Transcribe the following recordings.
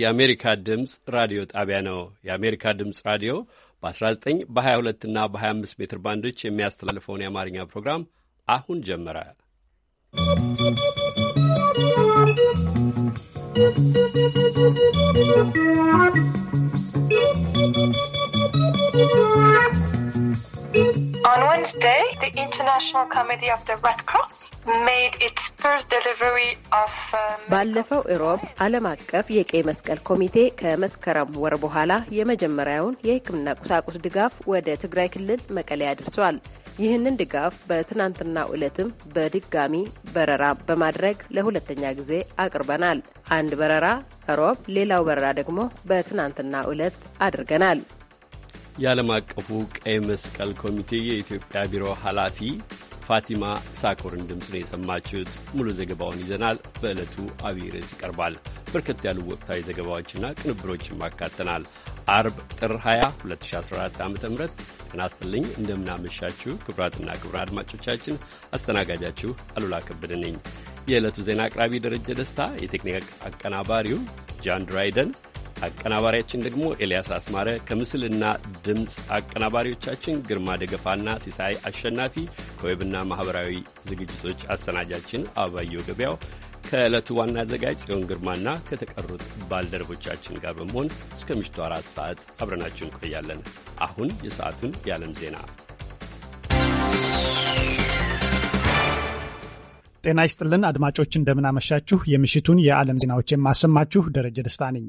የአሜሪካ ድምፅ ራዲዮ ጣቢያ ነው። የአሜሪካ ድምፅ ራዲዮ በ19 በ22 እና በ25 ሜትር ባንዶች የሚያስተላልፈውን የአማርኛ ፕሮግራም አሁን ጀመረ። ¶¶ On Wednesday, the International Committee of the Red Cross made its first delivery of uh, ባለፈው እሮብ ዓለም አቀፍ የቀይ መስቀል ኮሚቴ ከመስከረም ወር በኋላ የመጀመሪያውን የሕክምና ቁሳቁስ ድጋፍ ወደ ትግራይ ክልል መቀሌ አድርሷል። ይህንን ድጋፍ በትናንትና ዕለትም በድጋሚ በረራ በማድረግ ለሁለተኛ ጊዜ አቅርበናል። አንድ በረራ እሮብ፣ ሌላው በረራ ደግሞ በትናንትና ዕለት አድርገናል። የዓለም አቀፉ ቀይ መስቀል ኮሚቴ የኢትዮጵያ ቢሮ ኃላፊ ፋቲማ ሳኮርን ድምፅ ነው የሰማችሁት። ሙሉ ዘገባውን ይዘናል። በዕለቱ አብይ ርዕስ ይቀርባል። በርከት ያሉ ወቅታዊ ዘገባዎችና ቅንብሮችም አካተናል። አርብ ጥር 20 2014 ዓ ም ጤና ይስጥልኝ። እንደምናመሻችሁ ክቡራትና ክቡራን አድማጮቻችን አስተናጋጃችሁ አሉላ ከበደ ነኝ። የዕለቱ ዜና አቅራቢ ደረጀ ደስታ፣ የቴክኒክ አቀናባሪው ጃን ድራይደን አቀናባሪያችን ደግሞ ኤልያስ አስማረ ከምስልና ድምፅ አቀናባሪዎቻችን ግርማ ደገፋና ሲሳይ አሸናፊ ከዌብና ማኅበራዊ ዝግጅቶች አሰናጃችን አበባየው ገበያው ከዕለቱ ዋና አዘጋጅ ጽዮን ግርማና ከተቀሩት ባልደረቦቻችን ጋር በመሆን እስከ ምሽቱ አራት ሰዓት አብረናችሁ እንቆያለን። አሁን የሰዓቱን የዓለም ዜና። ጤና ይስጥልን አድማጮች፣ እንደምናመሻችሁ። የምሽቱን የዓለም ዜናዎች የማሰማችሁ ደረጀ ደስታ ነኝ።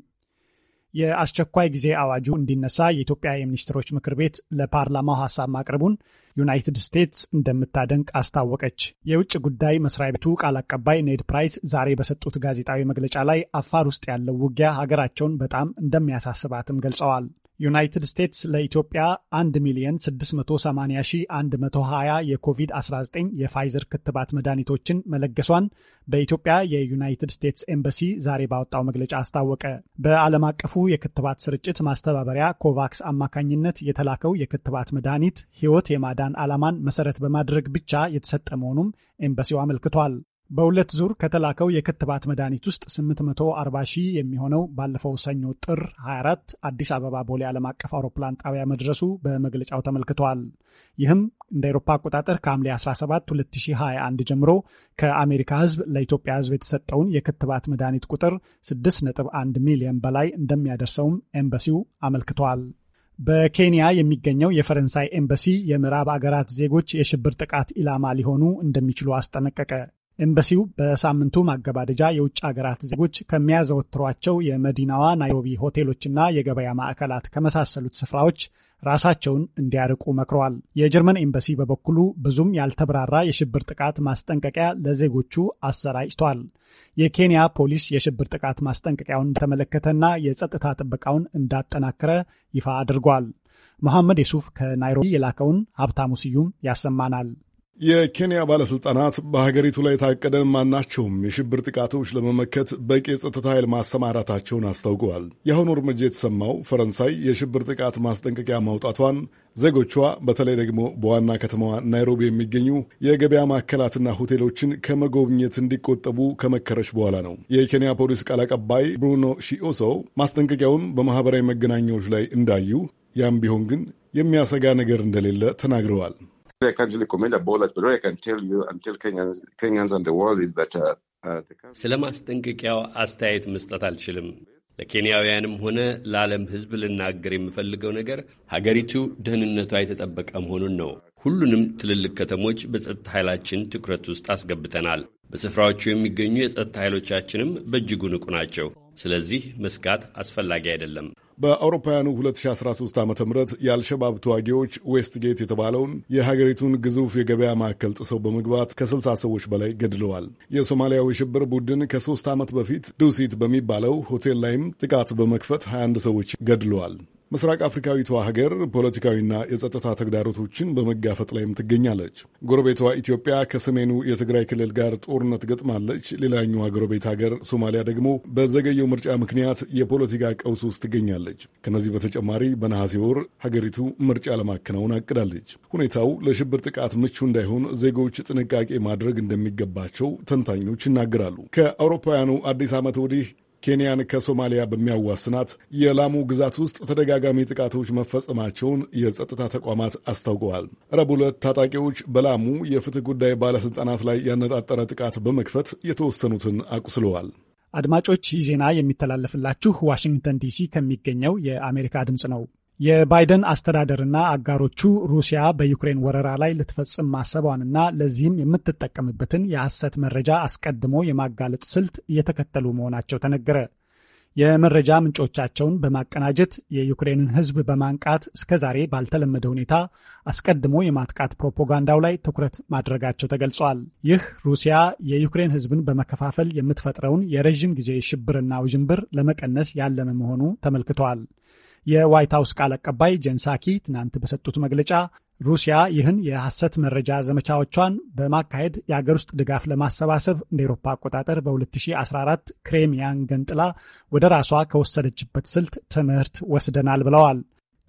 የአስቸኳይ ጊዜ አዋጁ እንዲነሳ የኢትዮጵያ የሚኒስትሮች ምክር ቤት ለፓርላማው ሀሳብ ማቅረቡን ዩናይትድ ስቴትስ እንደምታደንቅ አስታወቀች። የውጭ ጉዳይ መስሪያ ቤቱ ቃል አቀባይ ኔድ ፕራይስ ዛሬ በሰጡት ጋዜጣዊ መግለጫ ላይ አፋር ውስጥ ያለው ውጊያ ሀገራቸውን በጣም እንደሚያሳስባትም ገልጸዋል። ዩናይትድ ስቴትስ ለኢትዮጵያ 1 ሚሊዮን 680,120 የኮቪድ-19 የፋይዘር ክትባት መድኃኒቶችን መለገሷን በኢትዮጵያ የዩናይትድ ስቴትስ ኤምባሲ ዛሬ ባወጣው መግለጫ አስታወቀ። በዓለም አቀፉ የክትባት ስርጭት ማስተባበሪያ ኮቫክስ አማካኝነት የተላከው የክትባት መድኃኒት ሕይወት የማዳን ዓላማን መሰረት በማድረግ ብቻ የተሰጠ መሆኑም ኤምባሲው አመልክቷል። በሁለት ዙር ከተላከው የክትባት መድኃኒት ውስጥ 840 ሺህ የሚሆነው ባለፈው ሰኞ ጥር 24 አዲስ አበባ ቦሌ ዓለም አቀፍ አውሮፕላን ጣቢያ መድረሱ በመግለጫው ተመልክቷል። ይህም እንደ አውሮፓ አቆጣጠር ከሐምሌ 17 2021 ጀምሮ ከአሜሪካ ሕዝብ ለኢትዮጵያ ሕዝብ የተሰጠውን የክትባት መድኃኒት ቁጥር 6.1 ሚሊዮን በላይ እንደሚያደርሰውም ኤምባሲው አመልክቷል። በኬንያ የሚገኘው የፈረንሳይ ኤምባሲ የምዕራብ አገራት ዜጎች የሽብር ጥቃት ኢላማ ሊሆኑ እንደሚችሉ አስጠነቀቀ። ኤምባሲው በሳምንቱ ማገባደጃ የውጭ ሀገራት ዜጎች ከሚያዘወትሯቸው የመዲናዋ ናይሮቢ ሆቴሎችና የገበያ ማዕከላት ከመሳሰሉት ስፍራዎች ራሳቸውን እንዲያርቁ መክረዋል። የጀርመን ኤምባሲ በበኩሉ ብዙም ያልተብራራ የሽብር ጥቃት ማስጠንቀቂያ ለዜጎቹ አሰራጭቷል። የኬንያ ፖሊስ የሽብር ጥቃት ማስጠንቀቂያውን እንደተመለከተና የጸጥታ ጥበቃውን እንዳጠናከረ ይፋ አድርጓል። መሐመድ የሱፍ ከናይሮቢ የላከውን ሀብታሙ ስዩም ያሰማናል። የኬንያ ባለሥልጣናት በሀገሪቱ ላይ የታቀደ ማናቸውም የሽብር ጥቃቶች ለመመከት በቂ የጸጥታ ኃይል ማሰማራታቸውን አስታውቀዋል። የአሁኑ እርምጃ የተሰማው ፈረንሳይ የሽብር ጥቃት ማስጠንቀቂያ ማውጣቷን ዜጎቿ በተለይ ደግሞ በዋና ከተማዋ ናይሮቢ የሚገኙ የገበያ ማዕከላትና ሆቴሎችን ከመጎብኘት እንዲቆጠቡ ከመከረች በኋላ ነው። የኬንያ ፖሊስ ቃል አቀባይ ብሩኖ ሺኦሶ ማስጠንቀቂያውን በማኅበራዊ መገናኛዎች ላይ እንዳዩ፣ ያም ቢሆን ግን የሚያሰጋ ነገር እንደሌለ ተናግረዋል። ስለ ማስጠንቀቂያው አስተያየት መስጠት አልችልም። ለኬንያውያንም ሆነ ለዓለም ሕዝብ ልናገር የምፈልገው ነገር ሀገሪቱ ደህንነቷ የተጠበቀ መሆኑን ነው። ሁሉንም ትልልቅ ከተሞች በጸጥታ ኃይላችን ትኩረት ውስጥ አስገብተናል። በስፍራዎቹ የሚገኙ የጸጥታ ኃይሎቻችንም በእጅጉ ንቁ ናቸው። ስለዚህ መስጋት አስፈላጊ አይደለም። በአውሮፓውያኑ 2013 ዓ ም የአልሸባብ ተዋጊዎች ዌስትጌት የተባለውን የሀገሪቱን ግዙፍ የገበያ ማዕከል ጥሰው በመግባት ከ60 ሰዎች በላይ ገድለዋል። የሶማሊያው የሽብር ቡድን ከሶስት ዓመት በፊት ዱሲት በሚባለው ሆቴል ላይም ጥቃት በመክፈት 21 ሰዎች ገድለዋል። ምስራቅ አፍሪካዊቷ ሀገር ፖለቲካዊና የጸጥታ ተግዳሮቶችን በመጋፈጥ ላይም ትገኛለች። ጎረቤቷ ኢትዮጵያ ከሰሜኑ የትግራይ ክልል ጋር ጦርነት ገጥማለች። ሌላኛዋ ጎረቤት ሀገር ሶማሊያ ደግሞ በዘገየው ምርጫ ምክንያት የፖለቲካ ቀውስ ውስጥ ትገኛለች። ከነዚህ በተጨማሪ በነሐሴ ወር ሀገሪቱ ምርጫ ለማከናወን አቅዳለች። ሁኔታው ለሽብር ጥቃት ምቹ እንዳይሆን ዜጎች ጥንቃቄ ማድረግ እንደሚገባቸው ተንታኞች ይናገራሉ። ከአውሮፓውያኑ አዲስ ዓመት ወዲህ ኬንያን ከሶማሊያ በሚያዋስናት የላሙ ግዛት ውስጥ ተደጋጋሚ ጥቃቶች መፈጸማቸውን የጸጥታ ተቋማት አስታውቀዋል። ረቡዕ ዕለት ታጣቂዎች በላሙ የፍትህ ጉዳይ ባለሥልጣናት ላይ ያነጣጠረ ጥቃት በመክፈት የተወሰኑትን አቁስለዋል። አድማጮች ይህ ዜና የሚተላለፍላችሁ ዋሽንግተን ዲሲ ከሚገኘው የአሜሪካ ድምፅ ነው። የባይደን አስተዳደርና አጋሮቹ ሩሲያ በዩክሬን ወረራ ላይ ልትፈጽም ማሰቧንና ለዚህም የምትጠቀምበትን የሐሰት መረጃ አስቀድሞ የማጋለጥ ስልት እየተከተሉ መሆናቸው ተነገረ። የመረጃ ምንጮቻቸውን በማቀናጀት የዩክሬንን ሕዝብ በማንቃት እስከዛሬ ባልተለመደ ሁኔታ አስቀድሞ የማጥቃት ፕሮፓጋንዳው ላይ ትኩረት ማድረጋቸው ተገልጿል። ይህ ሩሲያ የዩክሬን ሕዝብን በመከፋፈል የምትፈጥረውን የረዥም ጊዜ ሽብርና ውዥንብር ለመቀነስ ያለመ መሆኑ ተመልክተዋል። የዋይት ሀውስ ቃል አቀባይ ጀንሳኪ ትናንት በሰጡት መግለጫ ሩሲያ ይህን የሐሰት መረጃ ዘመቻዎቿን በማካሄድ የአገር ውስጥ ድጋፍ ለማሰባሰብ እንደ ኤሮፓ አቆጣጠር በ2014 ክሬሚያን ገንጥላ ወደ ራሷ ከወሰደችበት ስልት ትምህርት ወስደናል ብለዋል።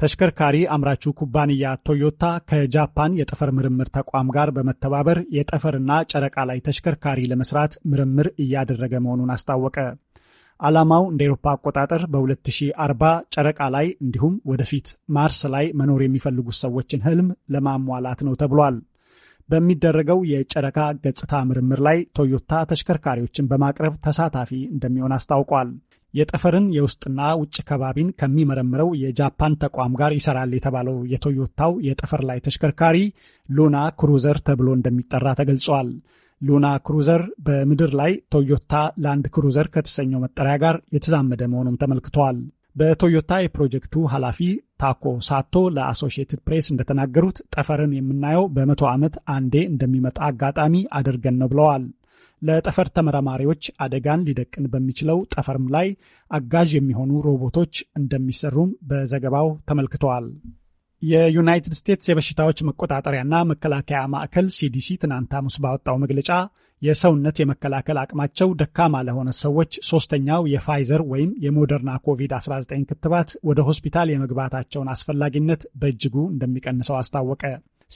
ተሽከርካሪ አምራቹ ኩባንያ ቶዮታ ከጃፓን የጠፈር ምርምር ተቋም ጋር በመተባበር የጠፈርና ጨረቃ ላይ ተሽከርካሪ ለመስራት ምርምር እያደረገ መሆኑን አስታወቀ። ዓላማው እንደ ኤሮፓ አቆጣጠር በ2040 ጨረቃ ላይ እንዲሁም ወደፊት ማርስ ላይ መኖር የሚፈልጉት ሰዎችን ህልም ለማሟላት ነው ተብሏል። በሚደረገው የጨረቃ ገጽታ ምርምር ላይ ቶዮታ ተሽከርካሪዎችን በማቅረብ ተሳታፊ እንደሚሆን አስታውቋል። የጠፈርን የውስጥና ውጭ ከባቢን ከሚመረምረው የጃፓን ተቋም ጋር ይሰራል የተባለው የቶዮታው የጠፈር ላይ ተሽከርካሪ ሉና ክሩዘር ተብሎ እንደሚጠራ ተገልጿል። ሉና ክሩዘር በምድር ላይ ቶዮታ ላንድ ክሩዘር ከተሰኘው መጠሪያ ጋር የተዛመደ መሆኑም ተመልክተዋል። በቶዮታ የፕሮጀክቱ ኃላፊ ታኮ ሳቶ ለአሶሽየትድ ፕሬስ እንደተናገሩት ጠፈርን የምናየው በመቶ ዓመት አንዴ እንደሚመጣ አጋጣሚ አድርገን ነው ብለዋል። ለጠፈር ተመራማሪዎች አደጋን ሊደቅን በሚችለው ጠፈርም ላይ አጋዥ የሚሆኑ ሮቦቶች እንደሚሰሩም በዘገባው ተመልክተዋል። የዩናይትድ ስቴትስ የበሽታዎች መቆጣጠሪያና መከላከያ ማዕከል ሲዲሲ ትናንት ሐሙስ ባወጣው መግለጫ የሰውነት የመከላከል አቅማቸው ደካማ ለሆነ ሰዎች ሶስተኛው የፋይዘር ወይም የሞደርና ኮቪድ-19 ክትባት ወደ ሆስፒታል የመግባታቸውን አስፈላጊነት በእጅጉ እንደሚቀንሰው አስታወቀ።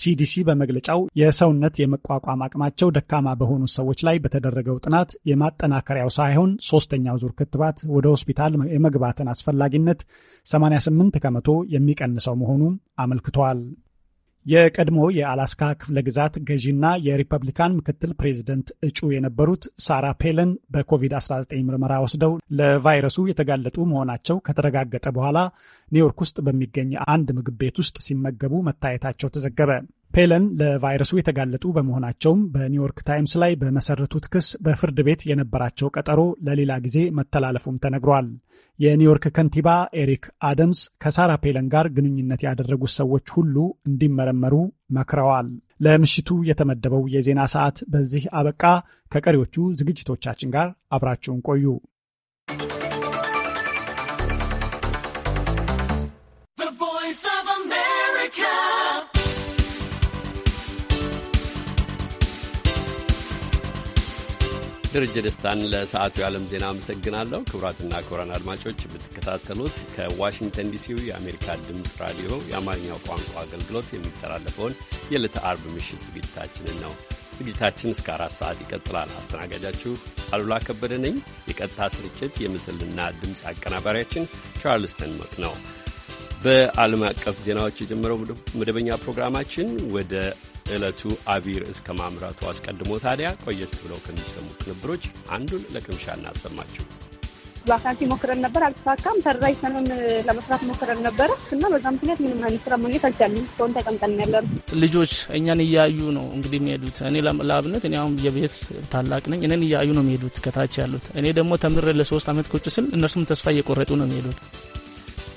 ሲዲሲ በመግለጫው የሰውነት የመቋቋም አቅማቸው ደካማ በሆኑ ሰዎች ላይ በተደረገው ጥናት የማጠናከሪያው ሳይሆን ሶስተኛው ዙር ክትባት ወደ ሆስፒታል የመግባትን አስፈላጊነት 88 ከመቶ የሚቀንሰው መሆኑን አመልክቷል። የቀድሞ የአላስካ ክፍለ ግዛት ገዢና የሪፐብሊካን ምክትል ፕሬዚደንት እጩ የነበሩት ሳራ ፔለን በኮቪድ-19 ምርመራ ወስደው ለቫይረሱ የተጋለጡ መሆናቸው ከተረጋገጠ በኋላ ኒውዮርክ ውስጥ በሚገኝ አንድ ምግብ ቤት ውስጥ ሲመገቡ መታየታቸው ተዘገበ። ፔለን ለቫይረሱ የተጋለጡ በመሆናቸውም በኒውዮርክ ታይምስ ላይ በመሰረቱት ክስ በፍርድ ቤት የነበራቸው ቀጠሮ ለሌላ ጊዜ መተላለፉም ተነግሯል። የኒውዮርክ ከንቲባ ኤሪክ አደምስ ከሳራ ፔለን ጋር ግንኙነት ያደረጉት ሰዎች ሁሉ እንዲመረመሩ መክረዋል። ለምሽቱ የተመደበው የዜና ሰዓት በዚህ አበቃ። ከቀሪዎቹ ዝግጅቶቻችን ጋር አብራችሁን ቆዩ። ደረጀ ደስታን ለሰዓቱ የዓለም ዜና አመሰግናለሁ። ክቡራትና ክቡራን አድማጮች የምትከታተሉት ከዋሽንግተን ዲሲው የአሜሪካ ድምፅ ራዲዮ የአማርኛው ቋንቋ አገልግሎት የሚተላለፈውን የዕለተ አርብ ምሽት ዝግጅታችንን ነው። ዝግጅታችን እስከ አራት ሰዓት ይቀጥላል። አስተናጋጃችሁ አሉላ ከበደ ነኝ። የቀጥታ ስርጭት የምስልና ድምፅ አቀናባሪያችን ቻርልስተን መክ ነው። በዓለም አቀፍ ዜናዎች የጀመረው መደበኛ ፕሮግራማችን ወደ ዕለቱ አቢር እስከ ማምራቱ አስቀድሞ ታዲያ ቆየት ብለው ከሚሰሙ ቅንብሮች አንዱን ለቅምሻ እናሰማችሁ። ቫካንሲ ሞክረን ነበር፣ አልተሳካም። ተደራጅተንም ለመስራት ሞክረን ነበረ እና በዛ ምክንያት ምንም አይነት ስራ ማግኘት አልቻልንም። ሰውን ተቀምጠን ያለ ልጆች እኛን እያዩ ነው እንግዲህ የሚሄዱት። እኔ ለአብነት እኔ አሁን የቤት ታላቅ ነኝ። እኔን እያዩ ነው የሚሄዱት ከታች ያሉት። እኔ ደግሞ ተምሬ ለሶስት አመት ቁጭ ስል እነርሱም ተስፋ እየቆረጡ ነው የሚሄዱት።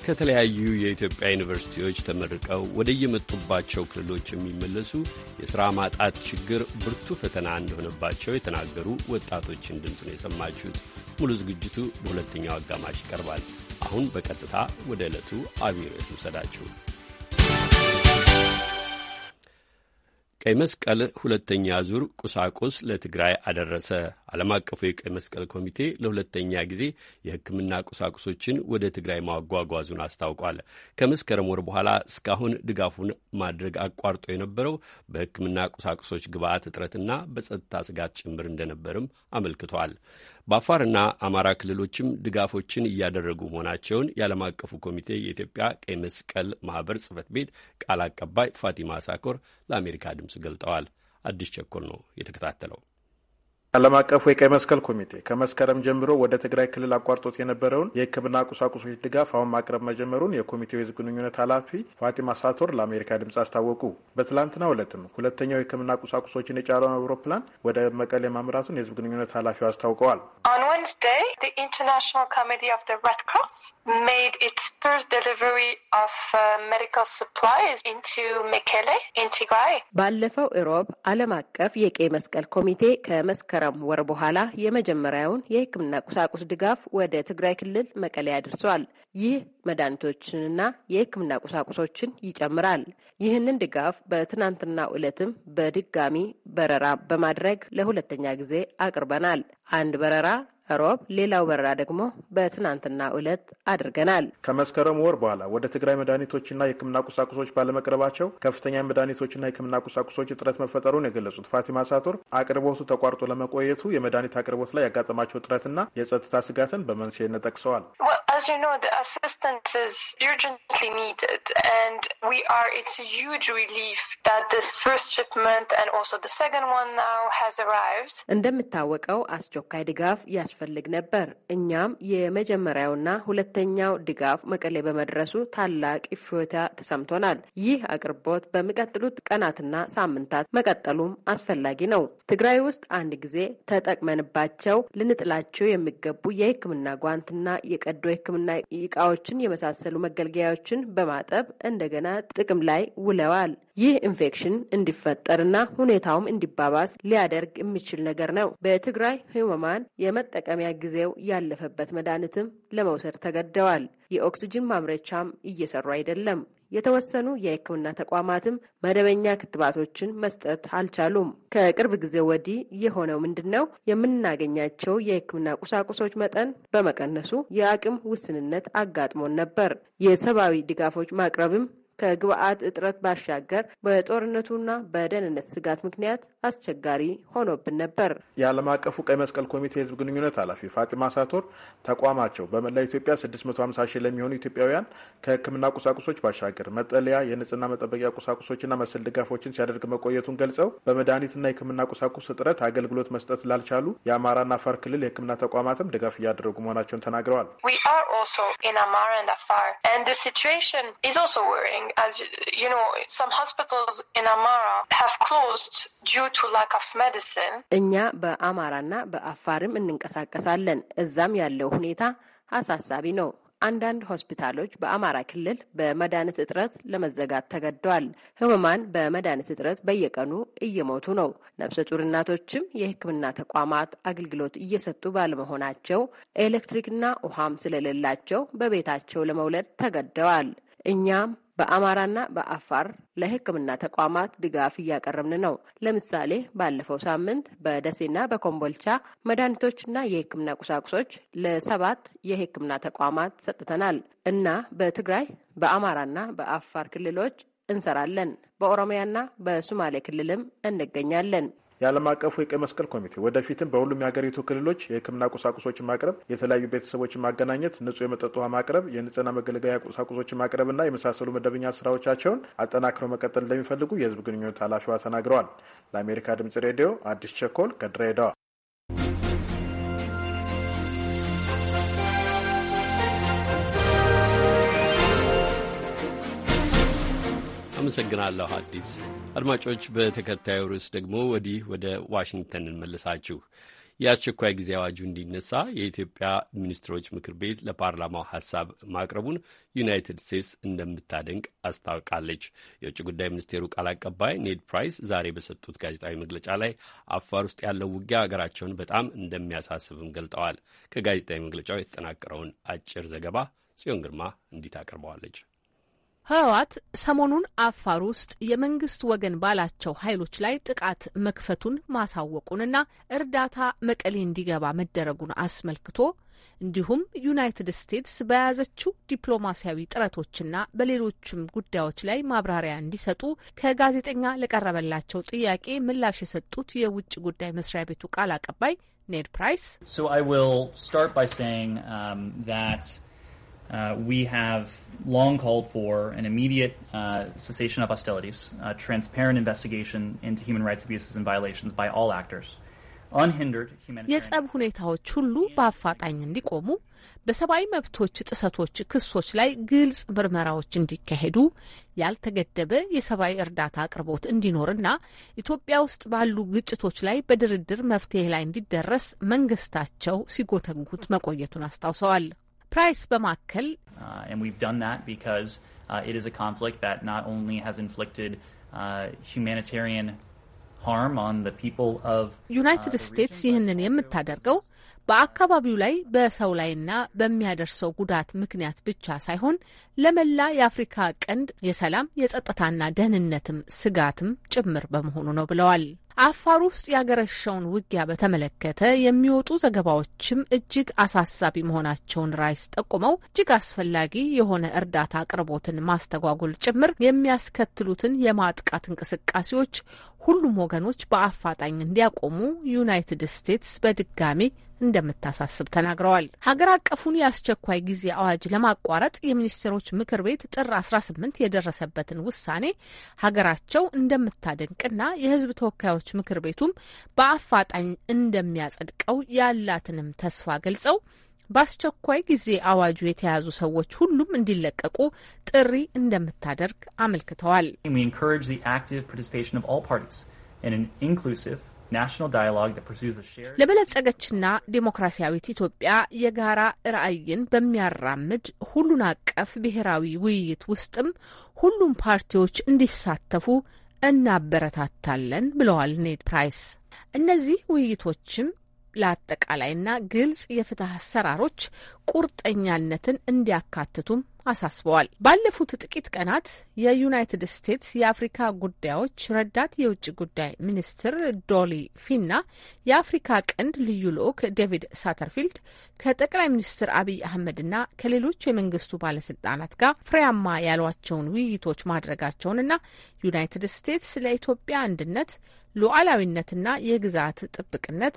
ከተለያዩ የኢትዮጵያ ዩኒቨርሲቲዎች ተመርቀው ወደየመጡባቸው ክልሎች የሚመለሱ የሥራ ማጣት ችግር ብርቱ ፈተና እንደሆነባቸው የተናገሩ ወጣቶችን ድምፅ ነው የሰማችሁት። ሙሉ ዝግጅቱ በሁለተኛው አጋማሽ ይቀርባል። አሁን በቀጥታ ወደ ዕለቱ አብይ ርዕስ ቀይ መስቀል ሁለተኛ ዙር ቁሳቁስ ለትግራይ አደረሰ። ዓለም አቀፉ የቀይ መስቀል ኮሚቴ ለሁለተኛ ጊዜ የሕክምና ቁሳቁሶችን ወደ ትግራይ ማጓጓዙን አስታውቋል። ከመስከረም ወር በኋላ እስካሁን ድጋፉን ማድረግ አቋርጦ የነበረው በሕክምና ቁሳቁሶች ግብአት እጥረትና በጸጥታ ስጋት ጭምር እንደነበርም አመልክቷል። በአፋርና አማራ ክልሎችም ድጋፎችን እያደረጉ መሆናቸውን የዓለም አቀፉ ኮሚቴ የኢትዮጵያ ቀይ መስቀል ማኅበር ጽህፈት ቤት ቃል አቀባይ ፋቲማ ሳኮር ለአሜሪካ ድምፅ ገልጠዋል። አዲስ ቸኮል ነው የተከታተለው። ዓለም አቀፉ የቀይ መስቀል ኮሚቴ ከመስከረም ጀምሮ ወደ ትግራይ ክልል አቋርጦት የነበረውን የሕክምና ቁሳቁሶች ድጋፍ አሁን ማቅረብ መጀመሩን የኮሚቴው የህዝብ ግንኙነት ኃላፊ ፋቲማ ሳቶር ለአሜሪካ ድምፅ አስታወቁ። በትላንትናው ዕለትም ሁለተኛው የሕክምና ቁሳቁሶችን የጫረውን አውሮፕላን ወደ መቀሌ ማምራቱን የህዝብ ግንኙነት ኃላፊው አስታውቀዋል። uh, ባለፈው እሮብ ዓለም አቀፍ የቀይ መስቀል ኮሚቴ ከመስከ ከመስከረም ወር በኋላ የመጀመሪያውን የሕክምና ቁሳቁስ ድጋፍ ወደ ትግራይ ክልል መቀሌ አድርሷል። ይህ መድኃኒቶችንና የሕክምና ቁሳቁሶችን ይጨምራል። ይህንን ድጋፍ በትናንትና ዕለትም በድጋሚ በረራ በማድረግ ለሁለተኛ ጊዜ አቅርበናል። አንድ በረራ ሮብ፣ ሌላው በረራ ደግሞ በትናንትና ዕለት አድርገናል። ከመስከረም ወር በኋላ ወደ ትግራይ መድኃኒቶችና የሕክምና ቁሳቁሶች ባለመቅረባቸው ከፍተኛ መድኃኒቶችና የሕክምና ቁሳቁሶች እጥረት መፈጠሩን የገለጹት ፋቲማ ሳቶር አቅርቦቱ ተቋርጦ ለመቆየቱ የመድኃኒት አቅርቦት ላይ ያጋጠማቸው እጥረትና የጸጥታ ስጋትን በመንስኤነት ጠቅሰዋል። እንደሚታወቀው አስቸኳይ ድጋፍ ያስ ያስፈልግ ነበር። እኛም የመጀመሪያውና ሁለተኛው ድጋፍ መቀሌ በመድረሱ ታላቅ እፎይታ ተሰምቶናል። ይህ አቅርቦት በሚቀጥሉት ቀናትና ሳምንታት መቀጠሉም አስፈላጊ ነው። ትግራይ ውስጥ አንድ ጊዜ ተጠቅመንባቸው ልንጥላቸው የሚገቡ የሕክምና ጓንትና የቀዶ ሕክምና እቃዎችን የመሳሰሉ መገልገያዎችን በማጠብ እንደገና ጥቅም ላይ ውለዋል። ይህ ኢንፌክሽን እንዲፈጠርና ሁኔታውም እንዲባባስ ሊያደርግ የሚችል ነገር ነው። በትግራይ ህሙማን የመጠቀሚያ ጊዜው ያለፈበት መድኃኒትም ለመውሰድ ተገደዋል። የኦክስጅን ማምረቻም እየሰሩ አይደለም። የተወሰኑ የሕክምና ተቋማትም መደበኛ ክትባቶችን መስጠት አልቻሉም። ከቅርብ ጊዜ ወዲህ የሆነው ምንድን ነው? የምናገኛቸው የሕክምና ቁሳቁሶች መጠን በመቀነሱ የአቅም ውስንነት አጋጥሞን ነበር። የሰብአዊ ድጋፎች ማቅረብም ከግብአት እጥረት ባሻገር በጦርነቱና በደህንነት ስጋት ምክንያት አስቸጋሪ ሆኖብን ነበር። የዓለም አቀፉ ቀይ መስቀል ኮሚቴ የህዝብ ግንኙነት ኃላፊ ፋጢማ ሳቶር ተቋማቸው በመላ ኢትዮጵያ 650 ሺህ ለሚሆኑ ኢትዮጵያውያን ከህክምና ቁሳቁሶች ባሻገር መጠለያ፣ የንጽህና መጠበቂያ ቁሳቁሶችና መሰል ድጋፎችን ሲያደርግ መቆየቱን ገልጸው በመድኃኒትና የህክምና ቁሳቁስ እጥረት አገልግሎት መስጠት ላልቻሉ የአማራና አፋር ክልል የህክምና ተቋማትም ድጋፍ እያደረጉ መሆናቸውን ተናግረዋል። As you know, some hospitals in Amara have closed due to lack of medicine. እኛ በአማራና በአፋርም እንንቀሳቀሳለን። እዛም ያለው ሁኔታ አሳሳቢ ነው። አንዳንድ ሆስፒታሎች በአማራ ክልል በመድኃኒት እጥረት ለመዘጋት ተገደዋል። ህሙማን በመድኃኒት እጥረት በየቀኑ እየሞቱ ነው። ነፍሰ ጡር እናቶችም የሕክምና ተቋማት አገልግሎት እየሰጡ ባለመሆናቸው ኤሌክትሪክና ውሃም ስለሌላቸው በቤታቸው ለመውለድ ተገደዋል። እኛም በአማራና በአፋር ለሕክምና ተቋማት ድጋፍ እያቀረብን ነው። ለምሳሌ ባለፈው ሳምንት በደሴና በኮምቦልቻ መድኃኒቶችና የሕክምና ቁሳቁሶች ለሰባት የሕክምና ተቋማት ሰጥተናል እና በትግራይ በአማራና በአፋር ክልሎች እንሰራለን። በኦሮሚያና በሱማሌ ክልልም እንገኛለን። የዓለም አቀፉ የቀይ መስቀል ኮሚቴ ወደፊትም በሁሉም የሀገሪቱ ክልሎች የሕክምና ቁሳቁሶችን ማቅረብ፣ የተለያዩ ቤተሰቦችን ማገናኘት፣ ንጹህ የመጠጥ ውሃ ማቅረብ፣ የንጽህና መገልገያ ቁሳቁሶችን ማቅረብና የመሳሰሉ መደበኛ ስራዎቻቸውን አጠናክረው መቀጠል እንደሚፈልጉ የህዝብ ግንኙነት ኃላፊዋ ተናግረዋል። ለአሜሪካ ድምጽ ሬዲዮ አዲስ ቸኮል ከድሬዳዋ አመሰግናለሁ አዲስ። አድማጮች በተከታዩ ርዕስ ደግሞ ወዲህ ወደ ዋሽንግተን እንመልሳችሁ። የአስቸኳይ ጊዜ አዋጁ እንዲነሳ የኢትዮጵያ ሚኒስትሮች ምክር ቤት ለፓርላማው ሀሳብ ማቅረቡን ዩናይትድ ስቴትስ እንደምታደንቅ አስታውቃለች። የውጭ ጉዳይ ሚኒስቴሩ ቃል አቀባይ ኔድ ፕራይስ ዛሬ በሰጡት ጋዜጣዊ መግለጫ ላይ አፋር ውስጥ ያለው ውጊያ ሀገራቸውን በጣም እንደሚያሳስብም ገልጠዋል። ከጋዜጣዊ መግለጫው የተጠናቀረውን አጭር ዘገባ ጽዮን ግርማ እንዲት አቅርበዋለች። ህወሓት ሰሞኑን አፋር ውስጥ የመንግስት ወገን ባላቸው ኃይሎች ላይ ጥቃት መክፈቱን ማሳወቁንና እርዳታ መቀሌ እንዲገባ መደረጉን አስመልክቶ እንዲሁም ዩናይትድ ስቴትስ በያዘችው ዲፕሎማሲያዊ ጥረቶችና በሌሎችም ጉዳዮች ላይ ማብራሪያ እንዲሰጡ ከጋዜጠኛ ለቀረበላቸው ጥያቄ ምላሽ የሰጡት የውጭ ጉዳይ መስሪያ ቤቱ ቃል አቀባይ ኔድ ፕራይስ um, Uh, we have long called for an immediate uh, cessation of hostilities, a transparent investigation into human rights abuses and violations by all actors. የጸብ ሁኔታዎች ሁሉ በአፋጣኝ እንዲቆሙ በሰብአዊ መብቶች ጥሰቶች ክሶች ላይ ግልጽ ምርመራዎች እንዲካሄዱ ያልተገደበ የሰብአዊ እርዳታ አቅርቦት እንዲኖርና ኢትዮጵያ ውስጥ ባሉ ግጭቶች ላይ በድርድር መፍትሄ ላይ እንዲደረስ መንግስታቸው ሲጎተጉት መቆየቱን አስታውሰዋል። ፕራይስ በማከል ዩናይትድ uh, ስቴትስ uh, uh, ይህንን የምታደርገው በአካባቢው ላይ በሰው ላይና በሚያደርሰው ጉዳት ምክንያት ብቻ ሳይሆን ለመላ የአፍሪካ ቀንድ የሰላም የጸጥታና ደህንነትም ስጋትም ጭምር በመሆኑ ነው ብለዋል። አፋር ውስጥ ያገረሸውን ውጊያ በተመለከተ የሚወጡ ዘገባዎችም እጅግ አሳሳቢ መሆናቸውን ራይስ ጠቁመው እጅግ አስፈላጊ የሆነ እርዳታ አቅርቦትን ማስተጓጎል ጭምር የሚያስከትሉትን የማጥቃት እንቅስቃሴዎች ሁሉም ወገኖች በአፋጣኝ እንዲያቆሙ ዩናይትድ ስቴትስ በድጋሚ እንደምታሳስብ ተናግረዋል። ሀገር አቀፉን የአስቸኳይ ጊዜ አዋጅ ለማቋረጥ የሚኒስትሮች ምክር ቤት ጥር 18 የደረሰበትን ውሳኔ ሀገራቸው እንደምታደንቅና የሕዝብ ተወካዮች ምክር ቤቱም በአፋጣኝ እንደሚያጸድቀው ያላትንም ተስፋ ገልጸው በአስቸኳይ ጊዜ አዋጁ የተያዙ ሰዎች ሁሉም እንዲለቀቁ ጥሪ እንደምታደርግ አመልክተዋል። ለበለጸገችና ዴሞክራሲያዊት ኢትዮጵያ የጋራ ራዕይን በሚያራምድ ሁሉን አቀፍ ብሔራዊ ውይይት ውስጥም ሁሉም ፓርቲዎች እንዲሳተፉ እናበረታታለን ብለዋል ኔድ ፕራይስ። እነዚህ ውይይቶችም ለአጠቃላይና ግልጽ የፍትህ አሰራሮች ቁርጠኛነትን እንዲያካትቱም አሳስበዋል። ባለፉት ጥቂት ቀናት የዩናይትድ ስቴትስ የአፍሪካ ጉዳዮች ረዳት የውጭ ጉዳይ ሚኒስትር ዶሊ ፊና የአፍሪካ ቀንድ ልዩ ልዑክ ዴቪድ ሳተርፊልድ ከጠቅላይ ሚኒስትር አብይ አህመድና ከሌሎች የመንግስቱ ባለስልጣናት ጋር ፍሬያማ ያሏቸውን ውይይቶች ማድረጋቸውንና ዩናይትድ ስቴትስ ለኢትዮጵያ አንድነት ሉዓላዊነትና የግዛት ጥብቅነት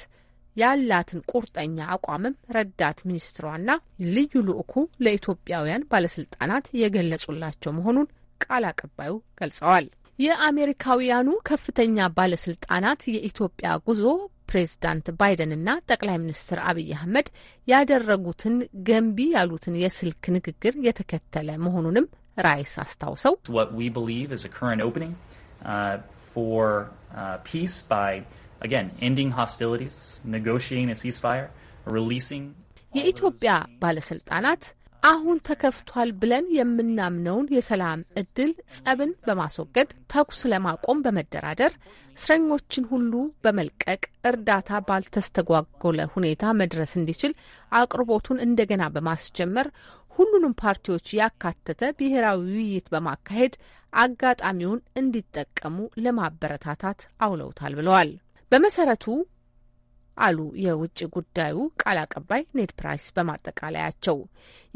ያላትን ቁርጠኛ አቋምም ረዳት ሚኒስትሯና ልዩ ልኡኩ ለኢትዮጵያውያን ባለስልጣናት የገለጹላቸው መሆኑን ቃል አቀባዩ ገልጸዋል። የአሜሪካውያኑ ከፍተኛ ባለስልጣናት የኢትዮጵያ ጉዞ ፕሬዝዳንት ባይደንና ጠቅላይ ሚኒስትር አብይ አህመድ ያደረጉትን ገንቢ ያሉትን የስልክ ንግግር የተከተለ መሆኑንም ራይስ አስታውሰው again, ending hostilities, negotiating a ceasefire, releasing የኢትዮጵያ ባለስልጣናት አሁን ተከፍቷል ብለን የምናምነውን የሰላም እድል ጸብን በማስወገድ ተኩስ ለማቆም በመደራደር እስረኞችን ሁሉ በመልቀቅ እርዳታ ባልተስተጓጎለ ሁኔታ መድረስ እንዲችል አቅርቦቱን እንደገና በማስጀመር ሁሉንም ፓርቲዎች ያካተተ ብሔራዊ ውይይት በማካሄድ አጋጣሚውን እንዲጠቀሙ ለማበረታታት አውለውታል ብለዋል። በመሰረቱ አሉ የውጭ ጉዳዩ ቃል አቀባይ ኔድ ፕራይስ በማጠቃለያቸው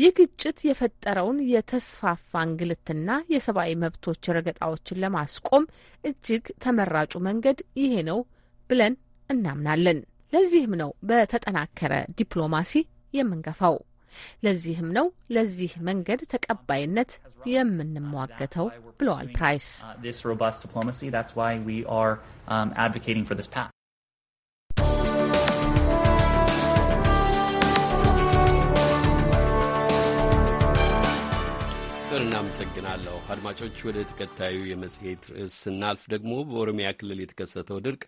ይህ ግጭት የፈጠረውን የተስፋፋ እንግልትና የሰብአዊ መብቶች ረገጣዎችን ለማስቆም እጅግ ተመራጩ መንገድ ይሄ ነው ብለን እናምናለን። ለዚህም ነው በተጠናከረ ዲፕሎማሲ የምንገፋው። ለዚህም ነው ለዚህ መንገድ ተቀባይነት የምንሟገተው ብለዋል ፕራይስ። uh, አስር እናመሰግናለሁ። አድማጮች ወደ ተከታዩ የመጽሔት ርዕስ ስናልፍ ደግሞ በኦሮሚያ ክልል የተከሰተው ድርቅ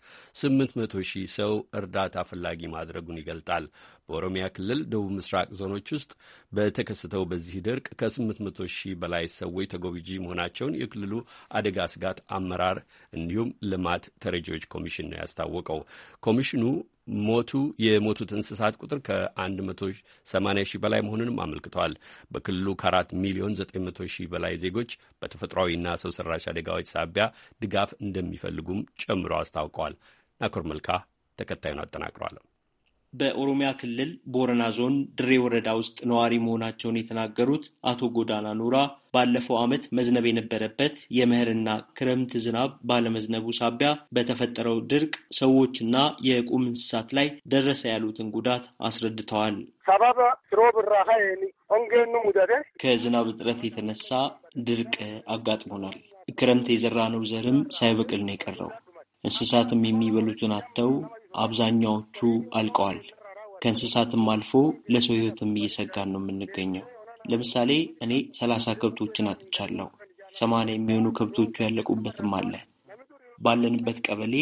800 ሺህ ሰው እርዳታ ፈላጊ ማድረጉን ይገልጣል። በኦሮሚያ ክልል ደቡብ ምስራቅ ዞኖች ውስጥ በተከሰተው በዚህ ድርቅ ከ800 ሺህ በላይ ሰዎች ተጎጂ መሆናቸውን የክልሉ አደጋ ስጋት አመራር እንዲሁም ልማት ተረጂዎች ኮሚሽን ነው ያስታወቀው። ኮሚሽኑ ሞቱ የሞቱት እንስሳት ቁጥር ከ180 ሺህ በላይ መሆኑንም አመልክተዋል። በክልሉ ከ4 ሚሊዮን 900 ሺህ በላይ ዜጎች በተፈጥሯዊና ሰው ሰራሽ አደጋዎች ሳቢያ ድጋፍ እንደሚፈልጉም ጨምሮ አስታውቀዋል። ናኮር መልካ ተከታዩን አጠናቅሯል። በኦሮሚያ ክልል ቦረና ዞን ድሬ ወረዳ ውስጥ ነዋሪ መሆናቸውን የተናገሩት አቶ ጎዳና ኑራ ባለፈው ዓመት መዝነብ የነበረበት የምህርና ክረምት ዝናብ ባለመዝነቡ ሳቢያ በተፈጠረው ድርቅ ሰዎችና የቁም እንስሳት ላይ ደረሰ ያሉትን ጉዳት አስረድተዋል። ከዝናብ እጥረት የተነሳ ድርቅ አጋጥሞናል። ክረምት የዘራነው ዘርም ሳይበቅል ነው የቀረው። እንስሳትም የሚበሉትን አጥተው አብዛኛዎቹ አልቀዋል። ከእንስሳትም አልፎ ለሰው ሕይወትም እየሰጋን ነው የምንገኘው። ለምሳሌ እኔ ሰላሳ ከብቶችን አጥቻለሁ። ሰማንያ የሚሆኑ ከብቶቹ ያለቁበትም አለ። ባለንበት ቀበሌ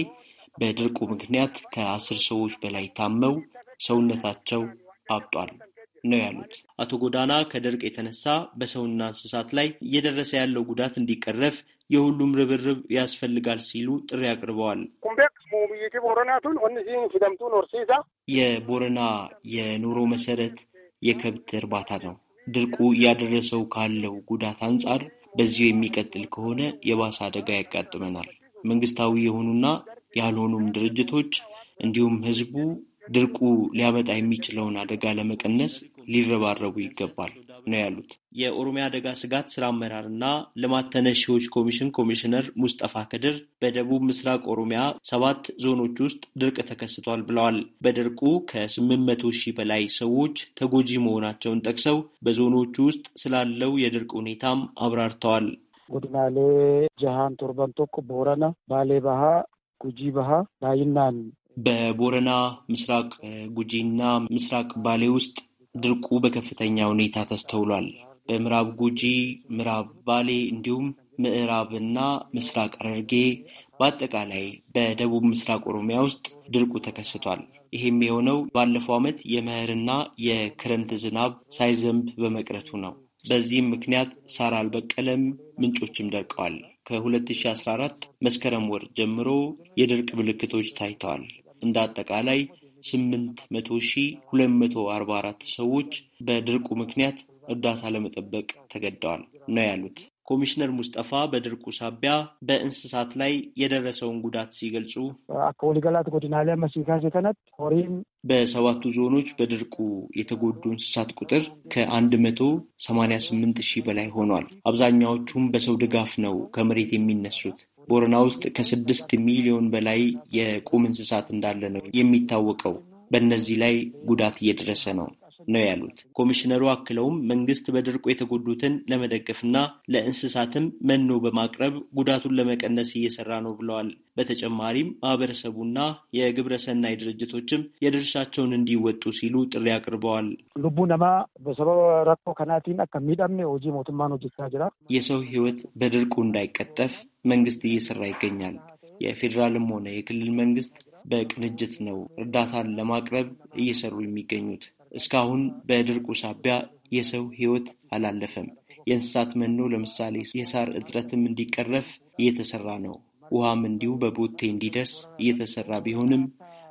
በድርቁ ምክንያት ከአስር ሰዎች በላይ ታመው ሰውነታቸው አብጧል ነው ያሉት አቶ ጎዳና። ከድርቅ የተነሳ በሰውና እንስሳት ላይ እየደረሰ ያለው ጉዳት እንዲቀረፍ የሁሉም ርብርብ ያስፈልጋል ሲሉ ጥሪ አቅርበዋል። የቦረና የኑሮ መሰረት የከብት እርባታ ነው። ድርቁ እያደረሰው ካለው ጉዳት አንጻር በዚሁ የሚቀጥል ከሆነ የባሰ አደጋ ያጋጥመናል። መንግስታዊ የሆኑና ያልሆኑም ድርጅቶች እንዲሁም ህዝቡ ድርቁ ሊያመጣ የሚችለውን አደጋ ለመቀነስ ሊረባረቡ ይገባል ነው ያሉት። የኦሮሚያ አደጋ ስጋት ስራ አመራርና ልማት ተነሺዎች ኮሚሽን ኮሚሽነር ሙስጠፋ ከድር በደቡብ ምስራቅ ኦሮሚያ ሰባት ዞኖች ውስጥ ድርቅ ተከስቷል ብለዋል። በድርቁ ከስምንት መቶ ሺህ በላይ ሰዎች ተጎጂ መሆናቸውን ጠቅሰው በዞኖቹ ውስጥ ስላለው የድርቅ ሁኔታም አብራርተዋል። ጉድናሌ ጃሃን ቶርባን ቶኮ ቦረና ባሌ ባሃ ጉጂ ባሃ ላይናን በቦረና ምስራቅ ጉጂና ምስራቅ ባሌ ውስጥ ድርቁ በከፍተኛ ሁኔታ ተስተውሏል። በምዕራብ ጉጂ፣ ምዕራብ ባሌ እንዲሁም ምዕራብና ምስራቅ ሐረርጌ በአጠቃላይ በደቡብ ምስራቅ ኦሮሚያ ውስጥ ድርቁ ተከስቷል። ይህም የሆነው ባለፈው ዓመት የመኸርና የክረምት ዝናብ ሳይዘንብ በመቅረቱ ነው። በዚህም ምክንያት ሳር አልበቀለም፣ ምንጮችም ደርቀዋል። ከ2014 መስከረም ወር ጀምሮ የድርቅ ምልክቶች ታይተዋል። እንደ አጠቃላይ ስምንት መቶ ሺህ ሁለት መቶ አርባ አራት ሰዎች በድርቁ ምክንያት እርዳታ ለመጠበቅ ተገደዋል ነው ያሉት። ኮሚሽነር ሙስጠፋ በድርቁ ሳቢያ በእንስሳት ላይ የደረሰውን ጉዳት ሲገልጹ በሰባቱ ዞኖች በድርቁ የተጎዱ እንስሳት ቁጥር ከአንድ መቶ ሰማንያ ስምንት ሺህ በላይ ሆኗል። አብዛኛዎቹም በሰው ድጋፍ ነው ከመሬት የሚነሱት። ቦረና ውስጥ ከስድስት ሚሊዮን በላይ የቁም እንስሳት እንዳለ ነው የሚታወቀው። በእነዚህ ላይ ጉዳት እየደረሰ ነው። ነው ያሉት። ኮሚሽነሩ አክለውም መንግስት በድርቁ የተጎዱትን ለመደገፍና ለእንስሳትም መኖ በማቅረብ ጉዳቱን ለመቀነስ እየሰራ ነው ብለዋል። በተጨማሪም ማህበረሰቡና የግብረ ሰናይ ድርጅቶችም የድርሻቸውን እንዲወጡ ሲሉ ጥሪ አቅርበዋል። ልቡ ነማ በሰበብ ረኮ ከናቲን ሆጂ የሰው ህይወት በድርቁ እንዳይቀጠፍ መንግስት እየሰራ ይገኛል። የፌዴራልም ሆነ የክልል መንግስት በቅንጅት ነው እርዳታን ለማቅረብ እየሰሩ የሚገኙት። እስካሁን በድርቁ ሳቢያ የሰው ሕይወት አላለፈም። የእንስሳት መኖ ለምሳሌ የሳር እጥረትም እንዲቀረፍ እየተሰራ ነው። ውሃም እንዲሁ በቦቴ እንዲደርስ እየተሰራ ቢሆንም